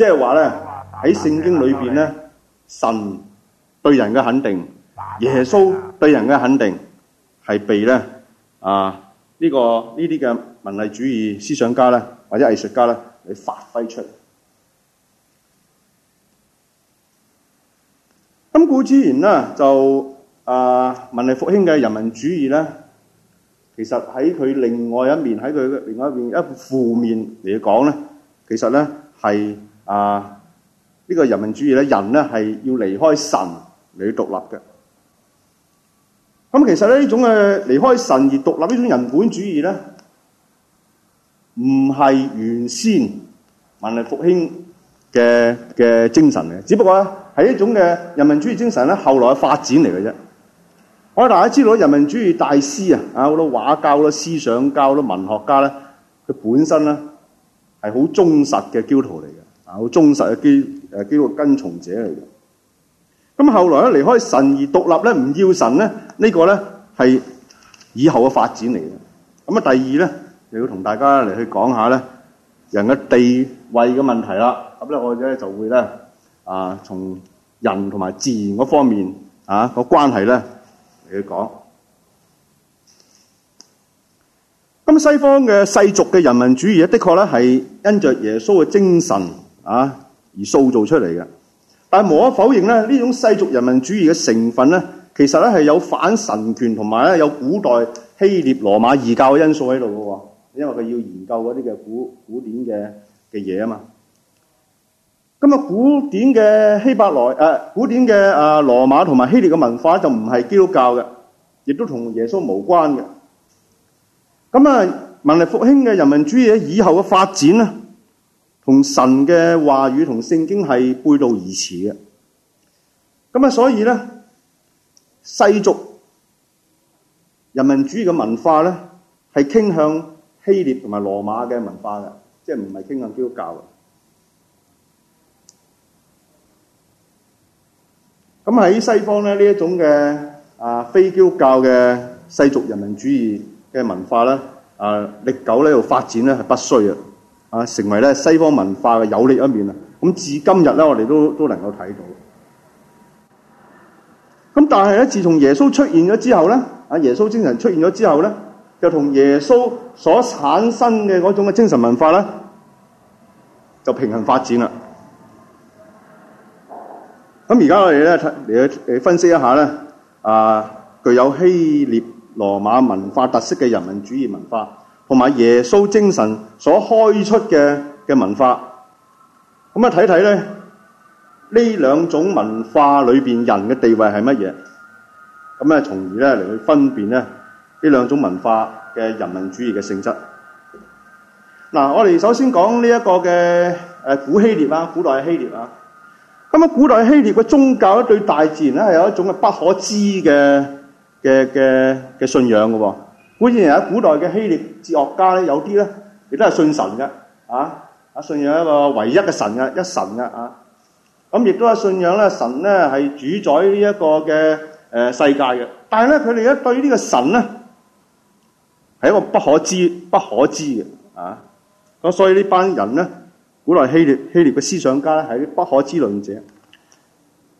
即係話咧，喺聖經裏邊咧，神對人嘅肯定，耶穌對人嘅肯定，係被咧啊呢、這個呢啲嘅文藝主義思想家咧，或者藝術家咧，嚟發揮出。咁固之然咧，就啊文藝復興嘅人民主義咧，其實喺佢另外一面，喺佢另外一面一負面嚟講咧，其實咧係。啊！呢、這個人民主義咧，人咧係要離開神嚟獨立嘅。咁其實咧，呢種嘅離開神而獨立呢種人本主義咧，唔係原先文藝復興嘅嘅精神嚟嘅。只不過咧係一種嘅人民主義精神咧，後來嘅發展嚟嘅啫。我、啊、哋大家知道，人民主義大師啊，啊好多畫家啦，思想家啦，文學家咧，佢本身咧係好忠實嘅基督徒嚟。嘅。好忠實嘅基誒基督嘅跟從者嚟嘅，咁後來咧離開神而獨立咧，唔要神咧，這個、呢個咧係以後嘅發展嚟嘅。咁啊，第二咧又要同大家嚟去講下咧，人嘅地位嘅問題啦。咁咧我哋咧就會咧啊，從人同埋自然嗰方面啊個關係咧嚟去講。咁西方嘅世俗嘅人民主義咧，的確咧係因着耶穌嘅精神。啊！而塑造出嚟嘅，但係無可否認咧，呢種世俗人民主義嘅成分咧，其實咧係有反神權同埋咧有古代希臘羅馬異教嘅因素喺度嘅，因為佢要研究嗰啲嘅古古典嘅嘅嘢啊嘛。咁啊，古典嘅希伯來誒，古典嘅啊羅馬同埋希臘嘅文化就唔係基督教嘅，亦都同耶穌無關嘅。咁啊，文藝復興嘅人民主義以後嘅發展啊。同神嘅話語同聖經是背道而馳嘅，咁啊，所以呢，世俗人民主義嘅文化呢，係傾向希臘同埋羅馬嘅文化嘅，即係唔係傾向基督教嘅。咁喺西方呢一種嘅非基督教嘅世俗人民主義嘅文化呢，歷久咧又發展是不衰嘅啊，成為咧西方文化嘅有力一面啊！咁至今日咧，我哋都都能夠睇到。咁但係咧，自從耶穌出現咗之後咧，啊耶穌精神出現咗之後咧，就同耶穌所產生嘅嗰種嘅精神文化咧，就平衡發展啦。咁而家我哋咧嚟分析一下咧，啊具有希臘、羅馬文化特色嘅人民主義文化。同埋耶穌精神所開出嘅文化，咁啊睇睇咧呢兩種文化裏面人嘅地位係乜嘢？咁咧從而呢嚟去分辨呢兩種文化嘅人文主義嘅性質。嗱，我哋首先講呢一個嘅古希臘啦，古代嘅希臘啊。咁古代嘅希臘嘅宗教對大自然係有一種嘅不可知嘅信仰㗎喎。古之喺古代嘅希臘哲學家有啲咧亦都係信神嘅啊！信仰一個唯一嘅神，一神嘅啊。咁亦都係信仰神咧係主宰呢一個嘅世界嘅。但係咧，佢哋咧對呢個神呢，係一個不可知、不可知嘅啊。咁所以呢班人呢，古代希臘的嘅思想家是係不可知論者。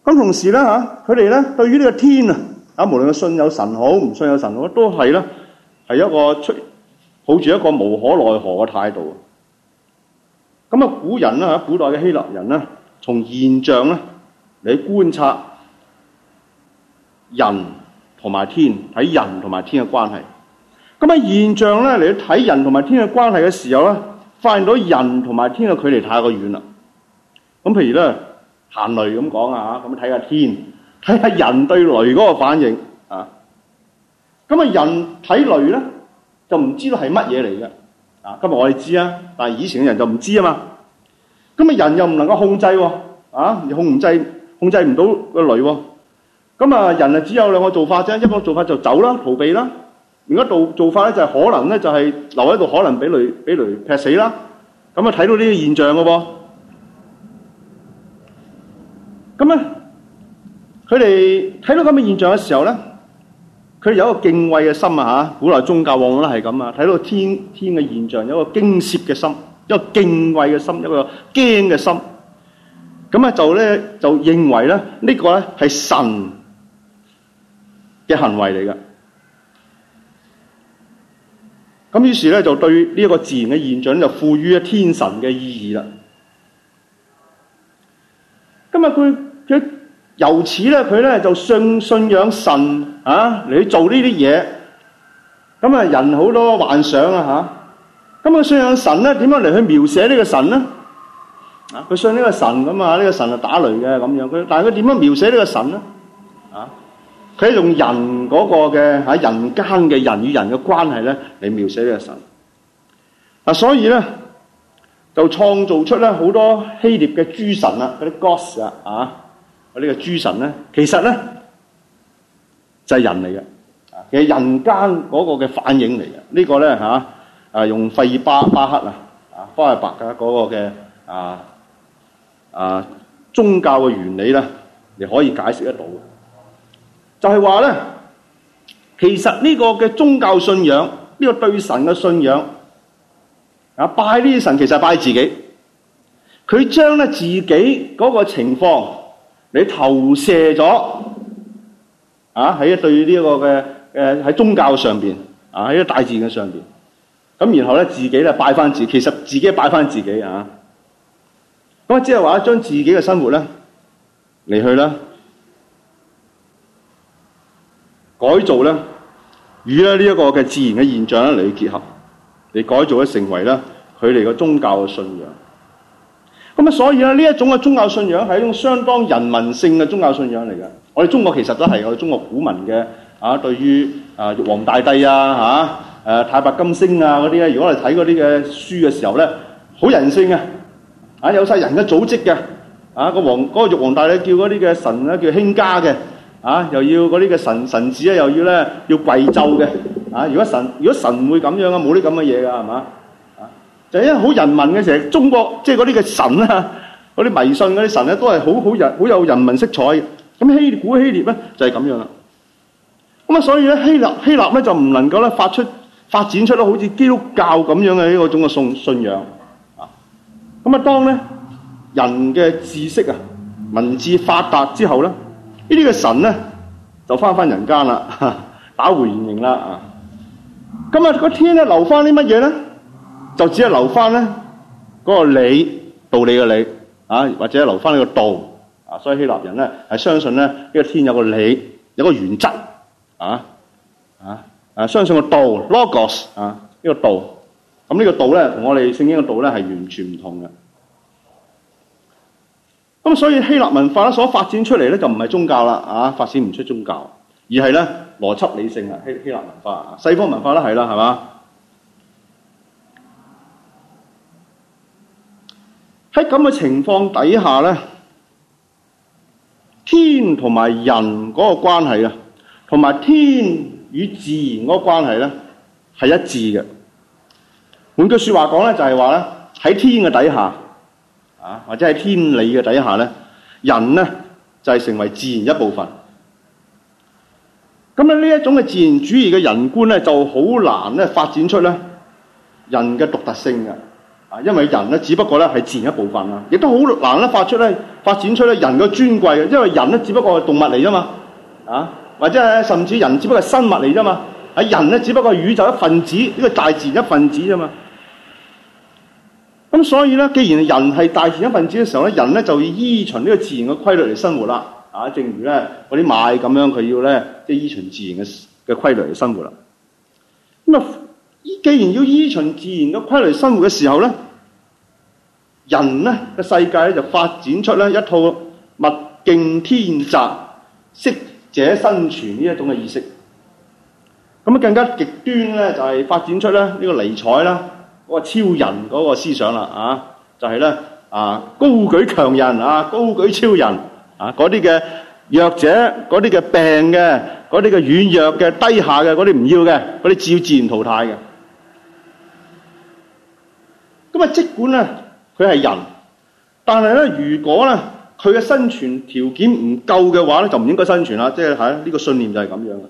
咁同時呢，嚇，佢哋對於呢個天啊，無論係信有神好，唔信有神好，都係係一個出，抱住一個無可奈何嘅態度。咁啊，古人啦吓，古代嘅希臘人咧，從現象咧嚟觀察人同埋天，睇人同埋天嘅關係。咁啊，現象咧嚟睇人同埋天嘅關係嘅時候咧，發現到人同埋天嘅距離太過遠啦。咁譬如咧，行雷咁講啊吓，咁睇下天，睇下人對雷嗰個反應。咁啊，人睇雷咧，就唔知道係乜嘢嚟嘅。啊，今日我哋知啊，但係以前嘅人就唔知啊嘛。咁啊，人又唔能夠控制喎，控唔制，控制唔到個雷。咁啊，人啊只有兩個做法啫，一個做法就走啦，逃避啦；另一個做做法咧，就係可能咧，就係留喺度，可能俾雷俾雷劈死啦。咁啊，睇到呢個現象嘅噃。咁咧，佢哋睇到咁嘅現象嘅時候咧。佢有一個敬畏嘅心啊！嚇，古代宗教往往都係咁啊，睇到天天嘅現象，有一個驚訝嘅心，有一個敬畏嘅心，有一個驚嘅心，咁啊就咧就認為咧呢個咧係神嘅行為嚟嘅。咁於是咧就對呢一個自然嘅現象就賦予咗天神嘅意義啦。咁啊，佢佢。由此咧，佢咧就信信仰神啊嚟去做呢啲嘢。咁啊，人好多幻想啊，吓咁啊，信仰神咧，點樣嚟去描寫呢個神咧？啊，佢信呢個神咁啊，呢個神係打雷嘅咁樣。佢但係佢點樣描寫呢個神咧？啊，佢係用人嗰個嘅喺人間嘅人與人嘅關係咧嚟描寫呢個神。嗱，所以咧就創造出咧好多希臘嘅諸神啊，嗰啲 Gods 啊，啊。呢個諸神咧，其實咧就係、是、人嚟嘅，其實人間嗰個嘅反應嚟嘅。這個、呢個咧嚇啊，用費爾巴巴克啊啊，方日白嘅嗰個嘅啊啊宗教嘅原理咧，你可以解釋得到，就係話咧，其實呢個嘅宗教信仰，呢、這個對神嘅信仰啊，拜呢啲神其實係拜自己，佢將咧自己嗰個情況。你投射咗啊喺一對呢一個嘅喺宗教上面，啊喺大自然嘅上面。咁然後咧自己咧拜翻自己，其實自己拜翻自己啊！咁啊，即係話將自己嘅生活咧嚟去啦，改造咧與咧呢一個嘅自然嘅現象咧嚟結合，嚟改造咧成為咧佢哋嘅宗教嘅信仰。咁所以咧，呢一種嘅宗教信仰係一種相當人民性嘅宗教信仰嚟嘅。我哋中國其實都係我哋中國古民嘅啊，對於啊玉皇大帝啊嚇，誒太白金星啊嗰啲咧。如果我哋睇嗰啲嘅書嘅時候咧，好人性嘅，啊有晒人嘅組織嘅，啊個皇嗰個玉皇大帝叫嗰啲嘅神咧叫卿家嘅，啊又要嗰啲嘅神神子咧又要咧要跪奏嘅，啊如果神如果神會咁樣啊，冇啲咁嘅嘢㗎係嘛？就是因為好人民嘅成，中國即係嗰啲嘅神啊，嗰啲迷信嗰啲神咧，啊，都係好好人好有人民色彩嘅。咁希古希臘咧就係、是，咁樣啦。咁啊，所以咧希臘希臘咧就唔能夠咧發出發展出咧好似基督教咁樣嘅呢個種嘅信信仰啊。咁啊，當咧人嘅知識啊文字發達之後咧，呢啲嘅神咧就翻返人間啦，打回原形啦啊。咁啊，個天咧留翻啲乜嘢咧？就只係留翻咧嗰個理道理嘅理啊，或者留翻呢個道啊，所以希臘人咧係相信咧呢個天有個理，有個原則啊啊啊，相信個道 logos 啊呢個道，咁呢個道咧同我哋聖經嘅道咧係完全唔同嘅。咁所以希臘文化咧所發展出嚟咧就唔係宗教啦啊，發展唔出宗教，而係咧邏輯理性啊希希臘文化啊，西方文化都係啦係嘛。喺咁嘅情況、就是、底下呢，天同埋人嗰個關係啊，同埋天與自然嗰個關係咧，係一致嘅。換句説話講就係話呢，喺天嘅底下啊，或者喺天理嘅底下呢，人呢就係成為自然一部分。咁咧呢一種嘅自然主義嘅人觀呢，就好難咧發展出呢人嘅獨特性嘅啊，因為人咧，只不過咧係自然一部分啦，亦都好難咧發出咧發展出咧人嘅尊貴嘅，因為人咧只不過係動物嚟啫嘛，啊，或者甚至人只不過係生物嚟啫嘛，啊，人咧只不過係宇宙一份子，呢個大自然一份子啫嘛。咁所以咧，既然人係大自然一份子嘅時候咧，人咧就要依循呢個自然嘅規律嚟生活啦。啊，正如咧嗰啲馬咁樣，佢要咧即係依循自然嘅嘅規律嚟生活啦。咁啊。既然要依循自然嘅規律生活嘅時候咧，人咧嘅世界咧就發展出咧一套物競天擇、適者生存呢一種嘅意識。咁啊更加極端咧就係發展出咧呢個尼采啦，嗰個超人嗰個思想啦啊，就係咧啊高舉強人啊高舉超人啊，嗰啲嘅弱者嗰啲嘅病嘅嗰啲嘅軟弱嘅低下嘅嗰啲唔要嘅嗰啲照自然淘汰嘅。咁啊，因為即管啊，佢係人，但係咧，如果咧佢嘅生存條件唔夠嘅話咧，就唔應該生存啦。即係吓呢個信念就係咁樣啦。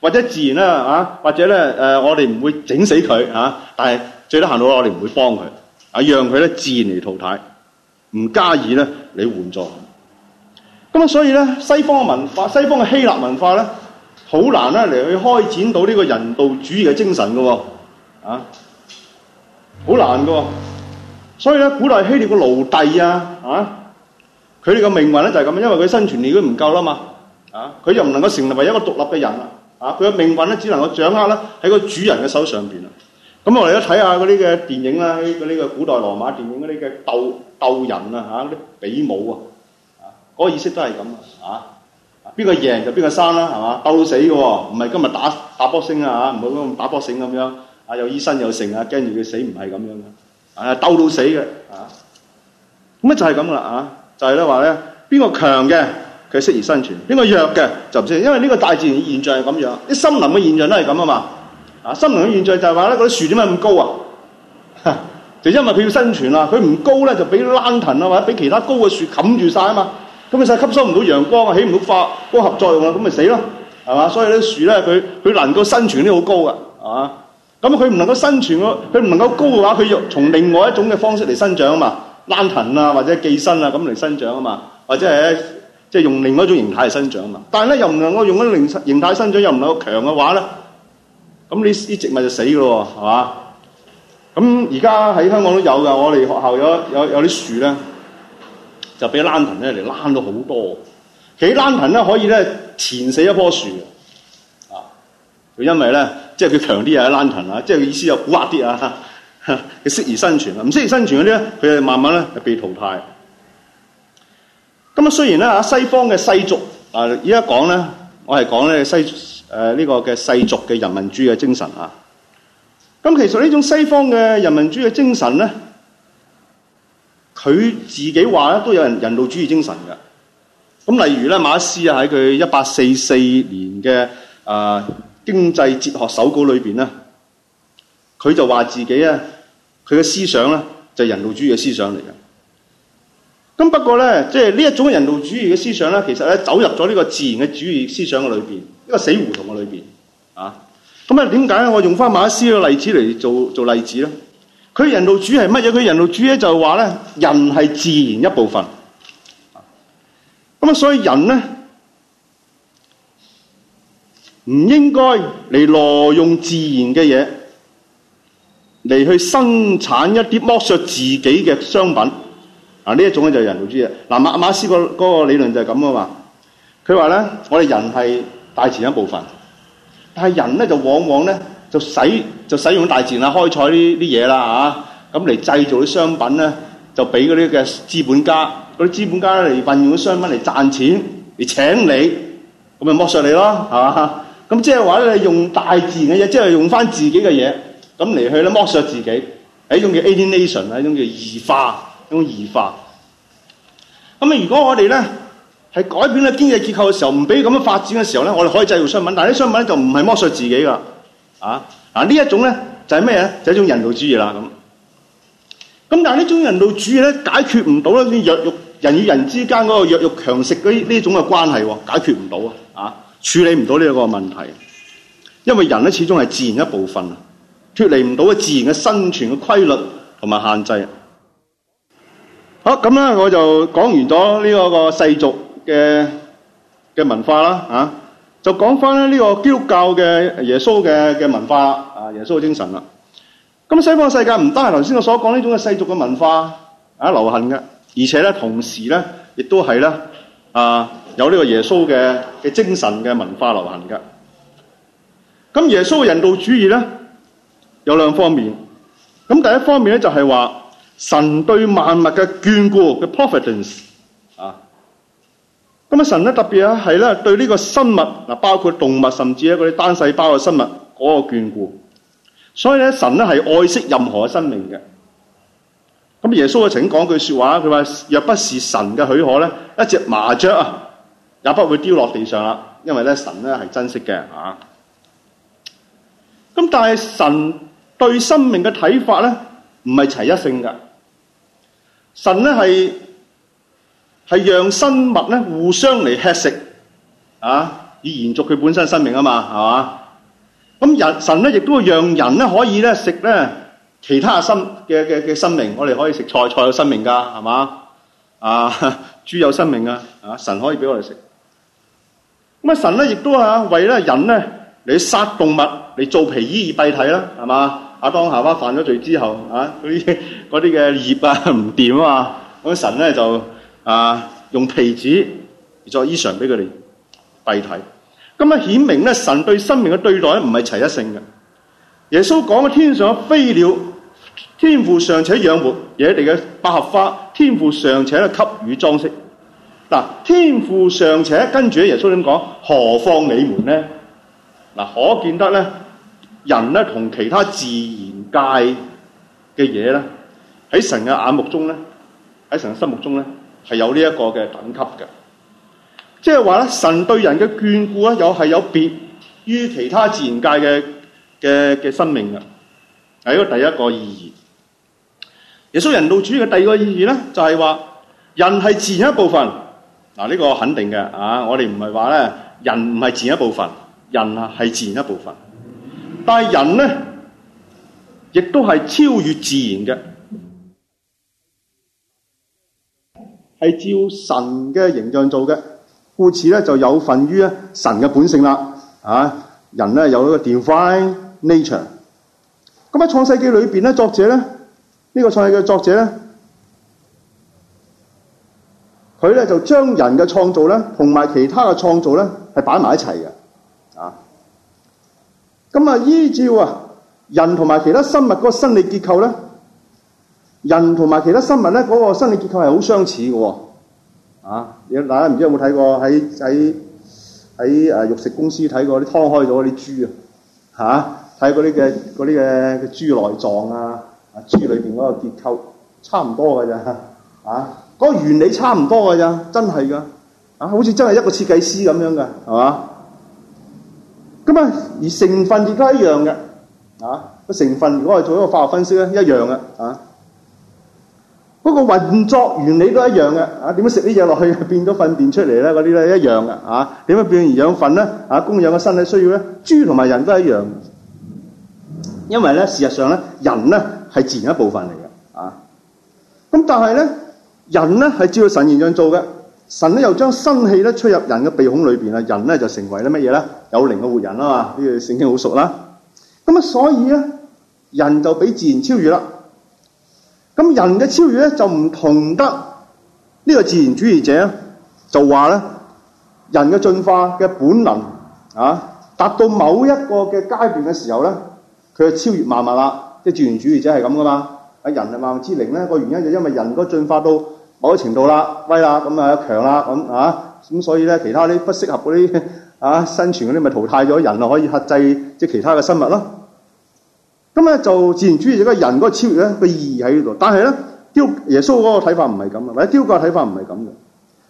或者自然咧啊，或者咧誒，我哋唔會整死佢啊，但係最低限度我哋唔會幫佢啊，讓佢咧自然嚟淘汰，唔加以咧你援助。咁啊，所以咧，西方嘅文化，西方嘅希臘文化咧，好難咧嚟去開展到呢個人道主義嘅精神噶，啊，好難噶。所以咧，古代希臘個奴隸啊，啊，佢哋個命運咧就係咁啊，因為佢生存條件唔夠啦嘛，啊，佢又唔能夠成立為一個獨立嘅人，啊，他的他人的啊，啊，佢嘅命運咧只能夠掌握咧喺個主人嘅手上邊啊。咁我哋都睇下嗰啲嘅電影啦，呢呢個古代羅馬電影嗰啲嘅鬥鬥人啊，嚇啲比武啊，啊，嗰、啊啊嗰個意識都係咁啊，啊，邊個贏就邊個生啦，係嘛，鬥死嘅喎，唔係今日打打波聲啊，嚇，唔好咁打波聲咁、啊、樣，啊，又依身有成啊，跟住佢死唔係咁樣嘅。係鬥到死嘅，咁咧就係咁啦，啊，就係咧話咧，邊個強嘅佢適宜生存，邊個弱嘅就唔適，因為呢個大自然現象係咁樣，啲森林嘅現象都係咁啊嘛，啊，森林嘅現象就係話咧，嗰啲樹點解咁高啊？就因為佢要生存啦，佢唔高咧就俾爛藤啊或者俾其他高嘅樹冚住晒啊嘛，咁佢就吸收唔到陽光啊，起唔到光合作用啊，咁咪死咯，係嘛？所以啲樹咧佢佢能夠生存呢好高噶，啊。咁佢唔能夠生存佢唔能夠高嘅話，佢要從另外一種嘅方式嚟生長啊嘛，爛藤啊或者寄生啊咁嚟生長啊嘛，或者係即係用另外一種形態嚟生長啊。但係咧又唔能夠用嗰啲形形態生長又唔能夠強嘅話咧，咁呢啲植物就死㗎喎，係嘛？咁而家喺香港都有㗎，我哋學校有有有啲樹咧，就俾爛藤咧嚟爛到好多。其實爛藤咧可以咧纏死一棵樹啊！因為咧。即係佢強啲啊，拉 n 啊！即係嘅意思又古惑啲啊，佢適宜生存啊，唔適宜生存嗰啲咧，佢就慢慢咧被淘汰。咁啊，雖然咧啊，西方嘅世俗啊，而家講咧，我係講咧西誒呢、呃這個嘅世俗嘅人文主義嘅精神啊。咁其實呢種西方嘅人文主義嘅精神咧，佢自己話咧都有人人道主義精神嘅。咁例如咧，馬克思啊，喺佢一八四四年嘅啊。經濟哲學手稿裏邊咧，佢就話自己啊，佢嘅思想咧就係、是、人道主義嘅思想嚟嘅。咁不過咧，即係呢一種人道主義嘅思想咧，其實咧走入咗呢個自然嘅主義思想嘅裏邊，一、這個死胡同嘅裏邊啊。咁啊，點解咧？我用翻馬克思嘅例子嚟做做例子咯。佢人道主義係乜嘢？佢人道主義咧就係話咧，人係自然一部分。咁啊，所以人咧。唔應該嚟挪用自然嘅嘢嚟去生產一啲剝削自己嘅商品。嗱呢一種咧就係人道主義。嗱、啊、馬馬克思、嗰個理論就係咁啊嘛。佢話咧，我哋人係大自然一部分，但係人咧就往往咧就使就使用大自然啦，開採呢啲嘢啦啊，咁嚟製造啲商品咧，就俾嗰啲嘅資本家，嗰啲資本家嚟運用啲商品嚟賺錢，嚟請你，咁咪剝削你咯，係嘛？咁即係話咧，用大自然嘅嘢，即係用翻自己嘅嘢，咁嚟去咧剝削自己，係一種叫 alienation 啦，一種叫異化，一種異化。咁啊，如果我哋咧係改變咧經濟結構嘅時候，唔俾咁樣的發展嘅時候咧，我哋可以製造商品，但係啲商品就唔係剝削自己噶啦，啊，嗱呢一種咧就係咩咧？就係一種人道主義啦咁。咁但係呢種人道主義咧，解決唔到咧弱肉人與人之間嗰個弱肉強食嗰呢種嘅關係喎，解決唔到啊。處理唔到呢個問題，因為人咧始終係自然一部分，脱離唔到嘅自然嘅生存嘅規律同埋限制。好，咁咧，我就講完咗呢一個世俗嘅嘅文化啦，嚇就講翻呢個基督教嘅耶穌嘅嘅文化啊，耶穌嘅精神啦。咁西方世界唔單係頭先我所講呢種嘅世俗嘅文化啊流行嘅，而且咧同時咧亦都係咧啊。有呢個耶穌嘅嘅精神嘅文化流行噶，咁耶穌嘅人道主義咧有兩方面，咁第一方面咧就係話神對萬物嘅眷顧嘅 Providence 啊，咁啊神咧特別咧係咧對呢個生物啊包括動物甚至咧嗰啲單細胞嘅生物嗰個眷顧，所以咧神咧係愛惜任何嘅生命嘅，咁耶穌曾經講句說話，佢話若不是神嘅許可咧，一隻麻雀啊。也不會丟落地上啦，因為咧神咧係珍惜嘅啊。咁但係神對生命嘅睇法咧唔係齊一性噶。神咧係係讓生物咧互相嚟吃食啊，以延續佢本身生命啊嘛，係嘛？咁人神咧亦都會讓人咧可以咧食咧其他生嘅嘅嘅生命，我哋可以食菜，菜有生命噶，係嘛？啊，豬有生命噶，啊，神可以俾我哋食。神也亦都為人咧嚟殺動物嚟做皮衣而蔽體啦，係嘛？亞當夏娃犯咗罪之後啊，嗰啲嗰啲嘅葉啊唔掂啊嘛，神呢，就啊用皮子，做衣裳俾佢哋蔽體。咁啊顯明神對生命嘅對待不唔係齊一性嘅。耶穌講嘅天上嘅飛鳥，天父尚且養活；野地嘅百合花，天父尚且啊給予裝飾。嗱，天父尚且跟住耶穌點講？何況你們呢？嗱，可見得咧，人咧同其他自然界嘅嘢咧，喺神嘅眼目中咧，喺神嘅心目中咧，係有呢一個嘅等級嘅。即係話咧，神對人嘅眷顧咧，又係有別於其他自然界嘅嘅嘅生命嘅。係一個第一個意義。耶穌人道主義嘅第二個意義咧，就係話人係自然一部分。嗱，呢個肯定嘅啊！我哋唔係話咧，人唔係自然一部分，人係自然一部分。但係人咧，亦都係超越自然嘅，係照神嘅形象做嘅，故此咧就有份於神嘅本性啦。啊，人咧有個 divine nature。咁喺創世記裏面咧，作者咧呢、呢個創世記嘅作者咧。佢咧就將人嘅創造咧，同埋其他嘅創造咧，係擺埋一齊嘅。啊，咁啊，依照啊，人同埋其他生物嗰、嗰個生理結構咧，人同埋其他生物咧嗰個生理結構係好相似嘅。啊，你嗱唔、啊、知有冇睇過喺喺喺誒肉食公司睇過啲劏開咗啲豬啊？嚇，睇嗰啲嘅啲嘅嘅豬內臟啊，豬裏邊嗰個結構差唔多嘅咋？啊！個原理差唔多㗎咋，真係噶啊！好似真係一個設計師咁樣嘅，係嘛？咁啊，而成分亦都一樣嘅啊。個成分如果係做一個化學分析咧，一樣嘅啊。嗰個運作原理都一樣嘅啊。點樣食啲嘢落去變咗糞便出嚟咧？嗰啲咧一樣嘅啊。點樣變而養分咧？啊，供養個身體需要咧？豬同埋人都一樣，因為咧事實上咧，人咧係自然一部分嚟嘅啊。咁但係咧？人咧係照咗神形象做嘅，神咧又將生氣咧吹入人嘅鼻孔裏邊啦，人咧就成為咧乜嘢咧？有靈嘅活人啦嘛，呢、這個聖經好熟啦。咁啊，所以咧，人就比自然超越啦。咁人嘅超越咧就唔同得呢、這個自然主義者呢就話咧，人嘅進化嘅本能啊，達到某一個嘅階段嘅時候咧，佢就超越萬物啦。即係自然主義者係咁噶嘛？啊，人係萬物之靈咧，個原因就因為人嗰個進化到。某程度啦，威啦，咁啊強啦，咁啊，咁所以咧，其他啲不適合嗰啲啊生存嗰啲咪淘汰咗，人啊可以克制即係其他嘅生物咯。咁咧就自然主義者個人嗰個超越咧個意義喺呢度。但係咧，耶穌嗰個睇法唔係咁嘅，或者丟個睇法唔係咁嘅，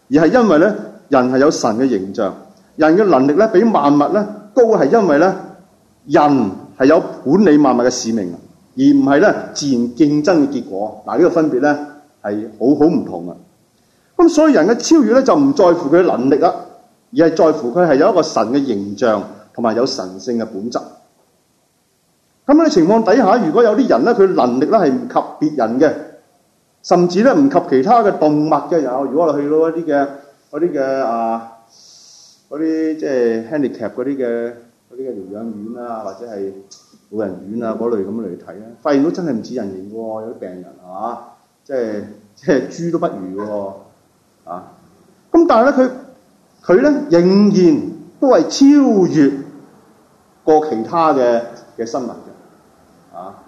而係因為咧人係有神嘅形象，人嘅能力咧比萬物咧高係因為咧人係有管理萬物嘅使命，而唔係咧自然競爭嘅結果。嗱，呢個分別咧。係好好唔同啊！咁所以人嘅超越咧，就唔在乎佢能力啦，而係在乎佢係有一個神嘅形象同埋有神性嘅本質。咁嘅情況底下，如果有啲人咧，佢能力咧係唔及別人嘅，甚至咧唔及其他嘅動物嘅有。如果去到一啲嘅嗰啲嘅啊，嗰啲即係 handicap 嗰啲嘅嗰啲嘅療養院啊，或者係老人院啊嗰類咁嚟睇咧，發現到真係唔似人形喎，有啲病人係嘛？即係即係豬都不如喎，啊！咁但係咧，佢佢咧仍然都係超越過其他嘅嘅生物嘅，啊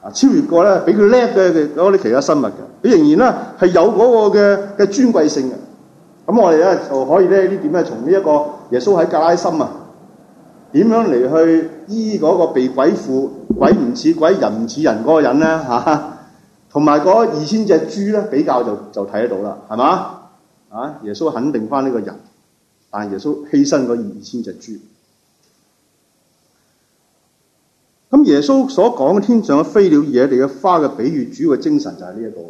啊！超越過咧比佢叻嘅嗰啲其他生物嘅，佢仍然咧係有嗰個嘅嘅尊貴性嘅。咁、啊、我哋咧就可以咧呢這點咧從呢一個耶穌喺格拉森啊，點樣嚟去醫嗰個被鬼附、鬼唔似鬼、人唔似人嗰個人咧嚇？啊同埋嗰二千隻豬咧，比較就就睇得到啦，係嘛啊？耶穌肯定翻呢個人，但係耶穌犧牲嗰二千隻豬。咁耶穌所講嘅天上嘅飛鳥、野地嘅花嘅比喻，主要嘅精神就係呢一個。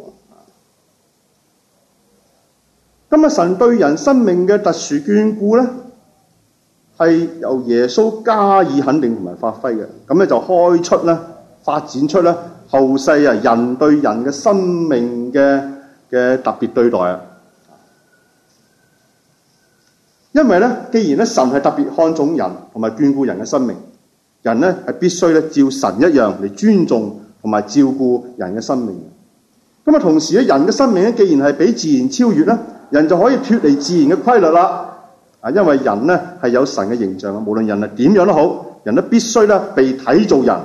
咁啊，神對人生命嘅特殊眷顧咧，係由耶穌加以肯定同埋發揮嘅，咁咧就開出咧，發展出咧。後世啊，人對人嘅生命嘅嘅特別對待啊，因為咧，既然咧神係特別看重人同埋眷顧人嘅生命人，人咧係必須咧照神一樣嚟尊重同埋照顧人嘅生命。咁啊，同時咧，人嘅生命咧，既然係比自然超越啦，人就可以脫離自然嘅規律啦。啊，因為人咧係有神嘅形象啊，無論人係點樣都好，人都必須咧被睇做人。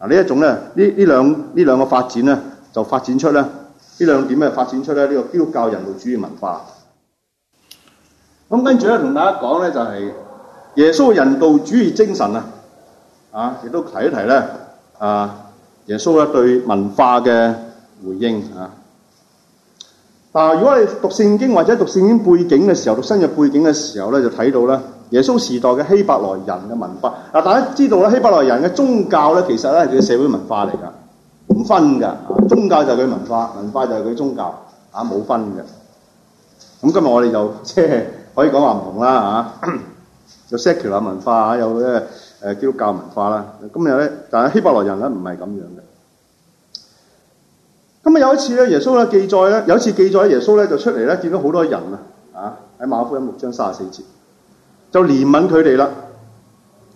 嗱，呢一種呢呢兩個發展呢，就發展出呢，呢兩點嘅發展出咧呢、這個基督教人道主義文化。咁跟住呢，同大家講呢，就係、是、耶穌人道主義精神啊，啊，亦都提一提咧、啊、耶穌咧對文化嘅回應啊。但如果你讀聖經或者讀聖經背景嘅時候，讀新入背景嘅時候咧，就睇到呢。耶穌時代嘅希伯來人嘅文化嗱，大家知道咧，希伯來人嘅宗教咧，其實咧係佢社會文化嚟噶，唔分噶。宗教就係佢文化，文化就係佢宗教，嚇冇分嘅。咁今日我哋就即係可以講話唔同啦，嚇有 secular 文化，有咧誒基督教文化啦。今日咧，但係希伯來人咧唔係咁樣嘅。咁啊有一次咧，耶穌咧記載咧，有一次記載耶穌咧就出嚟咧，見到好多人啊，嚇喺馬可福音六章三十四節。就憐憫佢哋啦。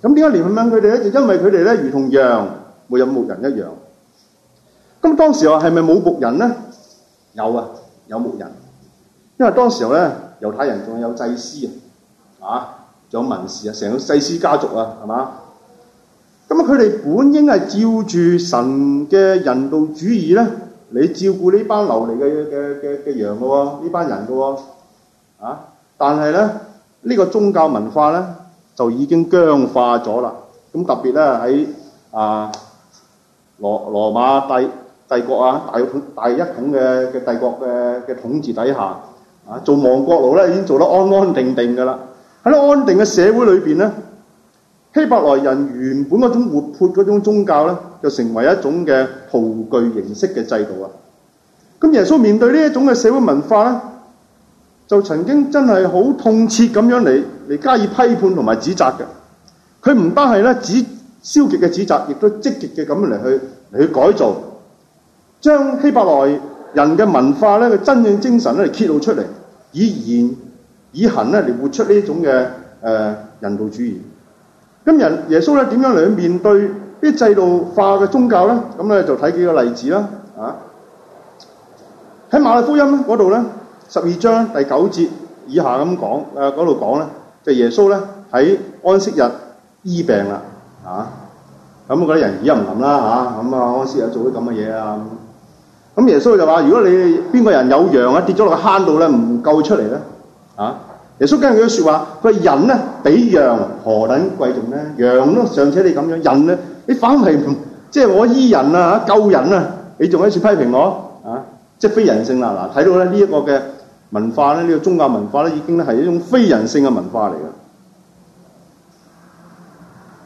咁點解憐憫佢哋咧？就因為佢哋咧，如同羊，沒有，羊是是沒有牧人一樣。咁當時話係咪冇牧人咧？有啊，有牧人。因為當時候咧，猶太人仲有祭司啊，仲有文士啊，成個祭司家族啊，係嘛？咁佢哋本應係照住神嘅人道主義咧，嚟照顧呢班流離嘅嘅嘅嘅羊噶喎，呢班人噶喎。啊，但係咧。呢個宗教文化咧就已經僵化咗啦。咁特別咧喺啊羅羅馬帝帝國啊大大一統嘅嘅帝國嘅嘅統治底下，啊做亡國奴咧已經做得安安定定噶啦。喺安定嘅社會裏邊咧，希伯來人原本嗰種活潑嗰種宗教咧，就成為一種嘅徒具形式嘅制度啊。咁耶穌面對呢一種嘅社會文化咧，就曾經真係好痛切咁樣嚟嚟加以批判同埋指責嘅，佢唔單係咧指消極嘅指責，亦都積極嘅咁嚟去嚟去改造，將希伯來人嘅文化咧嘅真正精神咧嚟揭露出嚟，以言以行咧嚟活出呢一種嘅誒、呃、人道主義。咁人耶穌咧點樣嚟去面對啲制度化嘅宗教咧？咁咧就睇幾個例子啦。啊，喺馬來福音咧嗰度咧。十二章第九節以下咁講，誒嗰度講咧，就耶穌咧喺安息日醫病啦嚇。咁我覺得人已經唔諗啦嚇，咁啊安息日做啲咁嘅嘢啊。咁耶穌就話：如果你邊個人有羊啊跌咗落個坑度咧，唔救出嚟咧嚇，耶穌跟住佢説話，佢話人咧比羊何等貴重咧？羊都尚且你咁樣，人咧你反係唔即係我醫人啊嚇，救人啊，你仲喺處批評我啊，即係非人性嗱嗱。睇到咧呢一個嘅。文化呢，呢、這個宗教文化呢，已經咧係一種非人性嘅文化嚟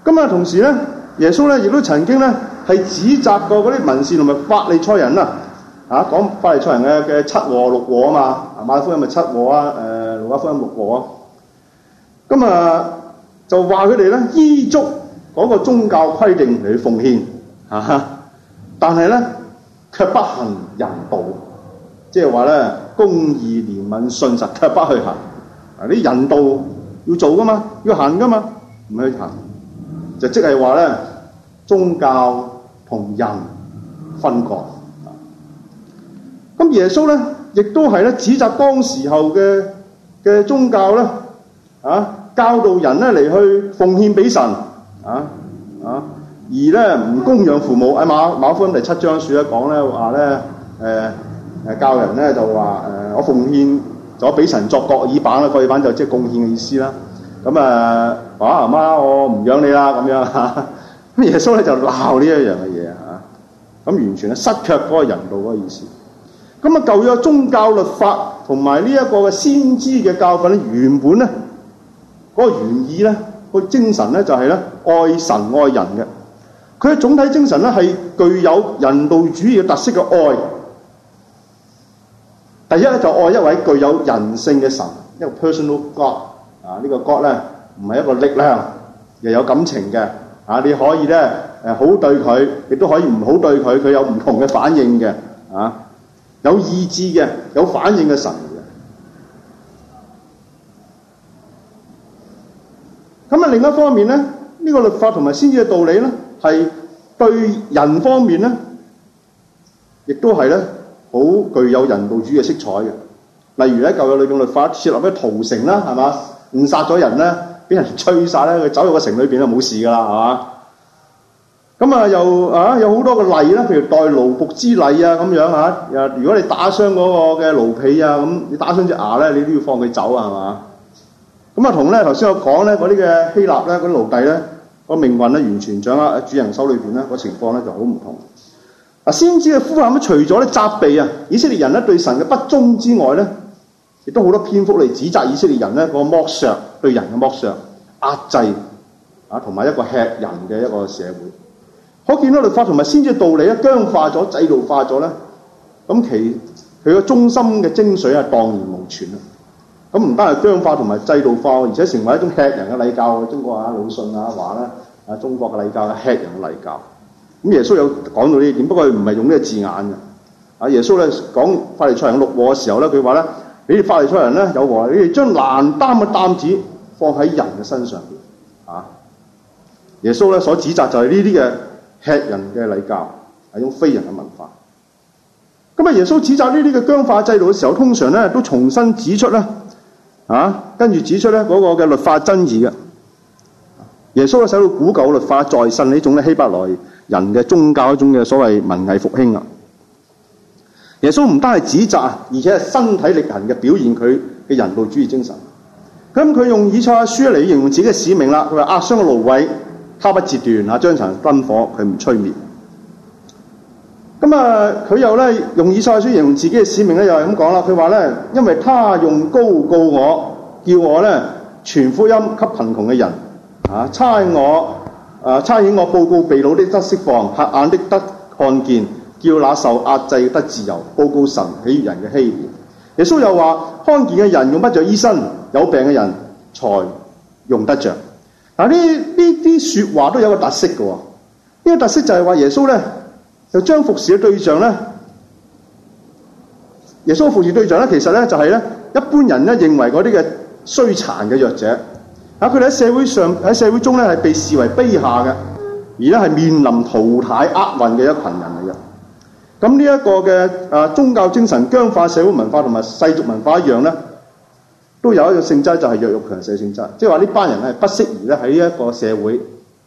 嘅。咁啊，同時呢，耶穌呢，亦都曾經呢，係指責過嗰啲文士同埋法利賽人啊，嚇講法利賽人嘅嘅七和六和啊嘛，馬太福音咪七和啊，誒路加福音咪六和啊。咁、呃、啊，就話佢哋呢，依足嗰個宗教規定嚟奉獻嚇，但係呢，卻不行人道。即係話咧，公義、憐憫、信實卻不去行。嗱、啊，啲人道要做噶嘛，要行噶嘛，唔去行就即係話咧，宗教同人分割。咁、啊、耶穌咧，亦都係咧，指責當時候嘅嘅宗教咧，啊，教導人咧嚟去奉獻俾神，啊啊，而咧唔供養父母。喺、啊、馬馬可第七章樹咧講咧話咧，教人咧就話、呃、我奉獻咗俾神作各耳板啦，各耳板就即係貢獻嘅意思啦。咁、呃、啊，爸爸媽媽，我唔養你啦咁樣。咁耶穌咧就鬧呢一樣嘅嘢。咁完全係失卻嗰個人道嗰個意思。咁啊，舊約宗教律法同埋呢一個嘅先知嘅教訓咧，原本咧嗰、嗰個原意咧、嗰個精神咧、嗰個、就係、是、咧愛神愛人嘅。佢嘅總體精神咧係具有人道主義特色嘅愛。第一咧就愛一位具有人性嘅神，一個 personal god 啊，呢個 god 咧唔係一個力量，又有感情嘅啊，你可以咧誒好對佢，亦都可以唔好對佢，佢有唔同嘅反應嘅啊，有意志嘅、有反應嘅神嚟嘅。咁啊另一方面咧，呢個律法同埋先知嘅道理咧，係對人方面咧，亦都係咧。好具有人道主義色彩嘅，例如咧舊約裏邊律法設立咩逃城啦，係嘛？誤殺咗人咧，俾人追殺咧，佢走入個城裏邊就冇事噶啦，係嘛？咁啊又啊有好多個例啦，譬如待奴僕之例啊咁樣嚇。啊，如果你打傷嗰個嘅奴婢啊，咁你打傷一隻牙咧，你都要放佢走啊，係嘛？咁啊同咧頭先我講咧嗰啲嘅希臘咧嗰啲奴隸咧個命運咧完全掌握喺主人手裏邊咧，個情況咧就好唔同。先知嘅呼喊除咗咧責備啊，以色列人咧對神嘅不忠之外咧，亦都好多篇幅嚟指責以色列人咧個剝削對人嘅剝削壓制啊，同埋一個吃人嘅一個社會。可見到律法同埋先知嘅道理咧僵化咗、制度化咗咧，咁其佢個中心嘅精髓啊蕩然無存啦。咁唔單係僵化同埋制度化，而且成為一種吃人嘅禮教。中國啊，魯迅啊話咧啊，中國嘅禮教係吃人嘅禮教。咁耶穌有講到呢啲點，不過佢唔係用呢個字眼嘅。啊，耶穌咧講法利賽人六禍嘅時候咧，佢話咧：你哋法利賽人咧有禍，你哋將難擔嘅擔子放喺人嘅身上邊。啊，耶穌咧所指責就係呢啲嘅吃人嘅禮教，係一種非人嘅文化。咁啊，耶穌指責呢啲嘅僵化制度嘅時候，通常咧都重新指出咧，啊，跟住指出咧嗰個嘅律法爭議嘅、啊。耶穌咧使到古舊嘅律法再信呢種嘅希伯來人嘅宗教一種嘅所謂文藝復興啊！耶穌唔單係指責，而且係身體力行嘅表現佢嘅人道主義精神。咁佢用以賽亞書嚟形容自己嘅使命啦。佢話壓傷嘅蘆葦，他不折斷啊；將殘燈火，佢唔吹滅。咁啊，佢又呢用以賽亞書形容自己嘅使命呢，又係咁講啦。佢話呢，因為他用膏膏我，叫我呢傳福音給貧窮嘅人啊！差我。啊！差遣我報告被擄的得釋放，瞎眼的得看見，叫那受壓制得自由。報告神喜悅人嘅禧年。耶穌又話：看見嘅人用不着醫生，有病嘅人才用得着。但呢些啲說話都有個特色嘅。呢、這個特色就係話耶穌呢，就將服侍嘅對象呢。耶穌服侍的對象呢，其實呢就係呢，一般人呢認為嗰啲嘅衰殘嘅弱者。啊！佢哋喺社會上喺社會中咧，係被視為卑下嘅，而咧係面臨淘汰厄運嘅一群人嚟嘅。咁呢一個嘅啊宗教精神僵化社會文化同埋世俗文化一樣咧，都有一個性質就係、是、弱肉強食嘅性質。即係話呢班人係不適宜咧喺呢一個社會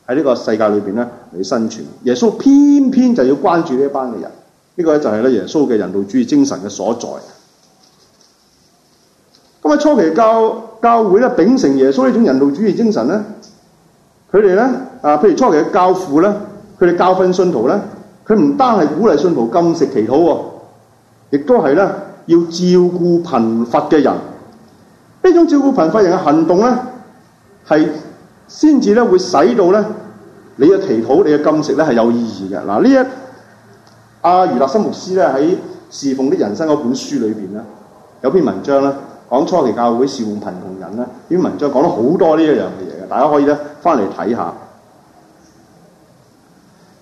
喺呢個世界裏邊咧嚟生存。耶穌偏偏就要關注呢班嘅人，呢、這個咧就係咧耶穌嘅人道主義精神嘅所在。咁啊，初期教。教會咧秉承耶穌呢種人道主義精神呢，佢哋呢啊，譬如初期嘅教父呢，佢哋教訓信徒咧，佢唔單係鼓勵信徒禁食祈禱喎，亦都係咧要照顧貧乏嘅人。呢種照顧貧乏人嘅行動呢，是先至咧會使到咧你嘅祈禱、你嘅禁食咧係有意義嘅嗱，呢一阿余勒森牧師咧喺侍奉的人生嗰本書裏邊咧，有一篇文章呢講初期教會事奉貧窮人呢篇文章講咗好多呢一樣嘢，大家可以咧翻嚟睇下。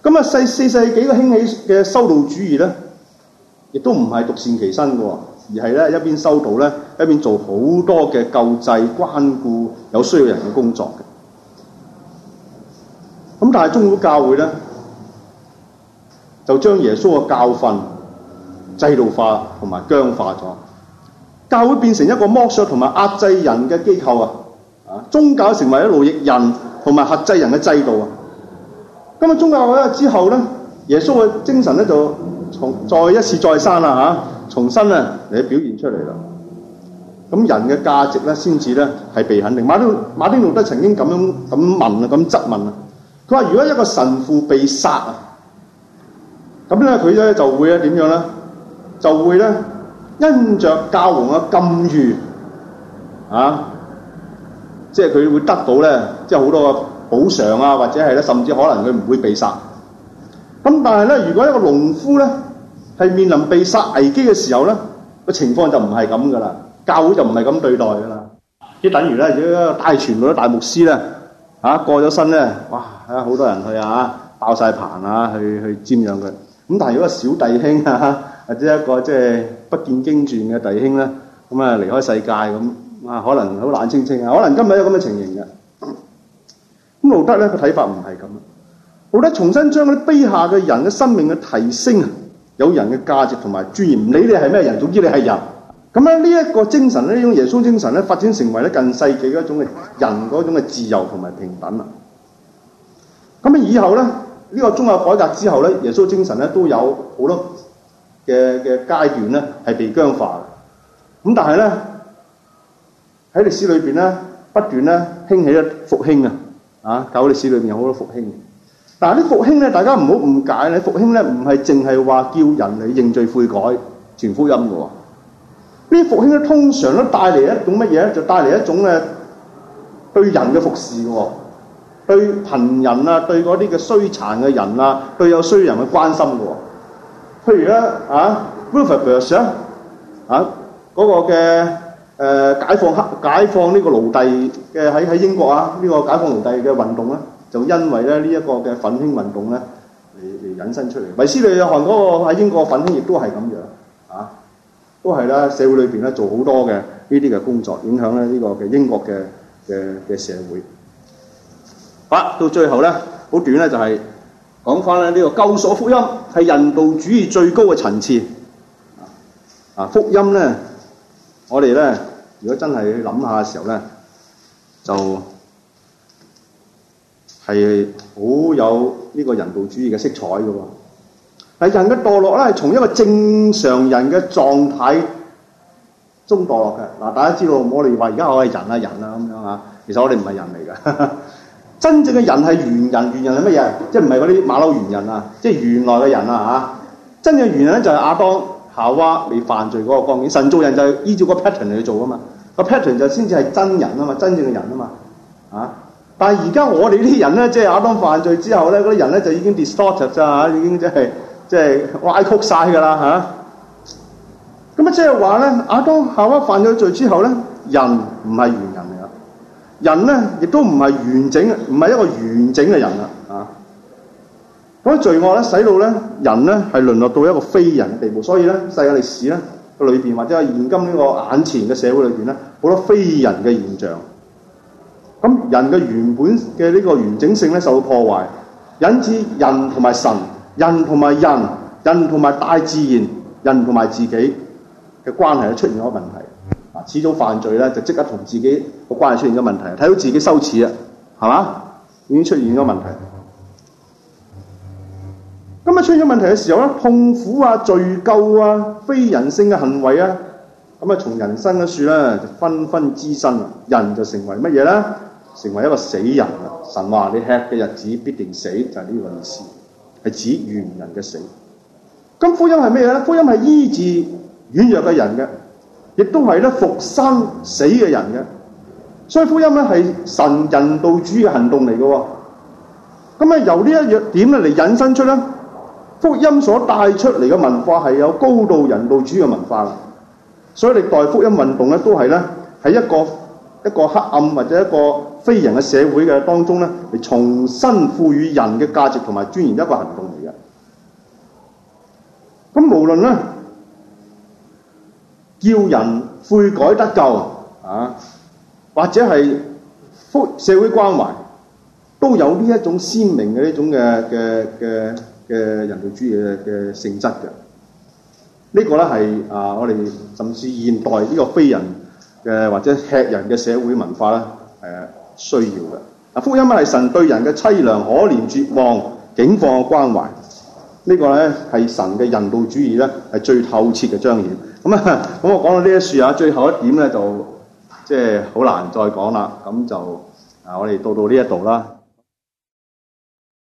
咁啊，四世紀嘅興起嘅修道主義呢，亦都唔係獨善其身嘅，而係咧一邊修道咧，一邊做好多嘅救濟、關顧有需要人嘅工作嘅。咁但係中古教會呢，就將耶穌嘅教訓制度化同埋僵化咗。教會變成一個剝削同埋壓制人嘅機構啊！啊，宗教成為咗奴役人同埋轄制人嘅制度啊！咁啊，宗教啊之後宗教改革之後咧，耶穌嘅精神咧就重再一次再生啦、啊、吓、啊，重新啊嚟表現出嚟啦。咁人嘅價值咧，先至咧係被肯定。馬丁馬丁路德曾經咁樣咁問啊，咁質問啊，佢話：如果一個神父被殺啊，咁咧佢咧就會咧點樣咧？就會咧？因着教皇嘅禁御，啊，即係佢會得到咧，即係好多嘅補償啊，或者係咧，甚至可能佢唔會被殺。咁但係咧，如果一個農夫咧係面臨被殺危機嘅時候咧，個情況就唔係咁噶啦，教會就唔係咁對待噶啦。即等於咧，如果一個大傳道、一個大牧師咧，嚇、啊、過咗身咧，哇，嚇好多人去嚇、啊，爆晒棚啊，去去瞻仰佢。咁但係如果小弟兄啊，或者一個即係，不見經傳嘅弟兄咧，咁啊離開世界咁啊，可能好冷清清啊，可能今日有咁嘅情形嘅。咁路德咧，佢睇法唔係咁。路德重新將啲卑下嘅人嘅生命嘅提升，有人嘅價值同埋尊嚴，唔理你係咩人，總之你係人。咁咧呢一個精神咧，呢種耶穌精神咧，發展成為咧近世紀嗰種嘅人嗰種嘅自由同埋平等啦。咁以後咧，呢、這個宗教改革之後咧，耶穌精神咧都有好多。嘅嘅階段咧係被僵化嘅，咁但係咧喺歷史裏邊咧不斷咧興起咗復興啊啊！搞到歷史裏邊有好多復興，但係啲復興咧，大家唔好誤解咧，復興咧唔係淨係話叫人嚟認罪悔改傳福音嘅喎。呢啲復興咧通常都帶嚟一種乜嘢咧？就帶嚟一種誒對人嘅服侍嘅喎，對貧人啊，對嗰啲嘅衰殘嘅人啊，對有衰人嘅關心嘅喎。譬如咧啊，Rover Bruce 啊，啊、那、嗰個嘅誒解放黑解放呢個奴隸嘅喺喺英國啊，呢、這個解放奴隸嘅運動咧，就因為咧呢一個嘅奮興運動咧，嚟嚟引申出嚟。維斯利約翰嗰個喺英國奮興，亦都係咁樣啊，都係咧社會裏邊咧做好多嘅呢啲嘅工作，影響咧呢個嘅英國嘅嘅嘅社會。好、啊、啦，到最後咧，好短咧就係、是。講翻咧呢個救贖福音係人道主義最高嘅層次。啊、福音咧，我哋咧，如果真係去諗下嘅時候咧，就係好有呢個人道主義嘅色彩㗎喎。係、啊、人嘅墮落咧，係從一個正常人嘅狀態中墮落嘅。嗱、啊，大家知道我哋話而家我係人啦、啊，人啦、啊、咁樣啊，其實我哋唔係人嚟㗎。哈哈。真正嘅人係猿人，猿人係乜嘢？即係唔係嗰啲馬騮猿人啊？即係原來嘅人啊嚇！真正猿人咧就係亞當夏娃未犯罪嗰個光景，神造人就依照那個 pattern 嚟去做啊嘛。個 pattern 就先至係真人啊嘛，真正嘅人啊嘛。嚇、啊！但係而家我哋呢啲人咧，即係亞當犯罪之後咧，嗰啲人咧就已經 distorted 咋嚇，已經即係即係歪曲晒㗎啦嚇。咁啊，即係話咧，亞當夏娃犯咗罪之後咧，人唔係猿。人呢，亦都唔係完整，唔係一個完整嘅人啦，啊！嗰啲罪惡咧，使到咧，人咧係淪落到一個非人嘅地步，所以咧，世界歷史咧，裏邊或者係現今呢個眼前嘅社會裏邊咧，好多非人嘅現象。咁人嘅原本嘅呢個完整性咧受到破壞，引致人同埋神、人同埋人、人同埋大自然、人同埋自己嘅關係出現咗問題。始終犯罪咧，就即刻同自己個關係出現咗問題，睇到自己羞恥啊，係嘛？已經出現咗問題。咁啊，出現咗問題嘅時候咧，痛苦啊、罪疚啊、非人性嘅行為啊，咁啊，從人生嘅樹咧就紛紛滋生啦。人就成為乜嘢咧？成為一個死人啦。神話你吃嘅日子必定死，就係呢個意思，係指原人嘅死。咁福音係咩咧？福音係醫治軟弱嘅人嘅。亦都係咧復生死嘅人嘅，所以福音咧係神人道主義嘅行動嚟嘅。咁啊，由呢一樣點咧嚟引申出咧，福音所帶出嚟嘅文化係有高度人道主義嘅文化。所以歷代福音運動咧都係咧喺一個一個黑暗或者一個非人嘅社會嘅當中咧嚟重新賦予人嘅價值同埋尊嚴一個行動嚟嘅。咁無論咧，叫人悔改得救啊，或者係社社會關懷，都有呢一種鮮明嘅一種嘅嘅嘅嘅人道主義嘅性質嘅。這個、呢個咧係啊我哋甚至現代呢個非人嘅或者吃人嘅社會文化咧誒、啊、需要嘅。啊福音咧係神對人嘅凄涼可憐絕望境況，嘅關懷。這個、呢個咧係神嘅人道主義咧係最透徹嘅彰顯。咁啊，咁我講到呢一處啊，最後一點咧，就即係好難再講啦。咁就啊，我哋到到呢一度啦。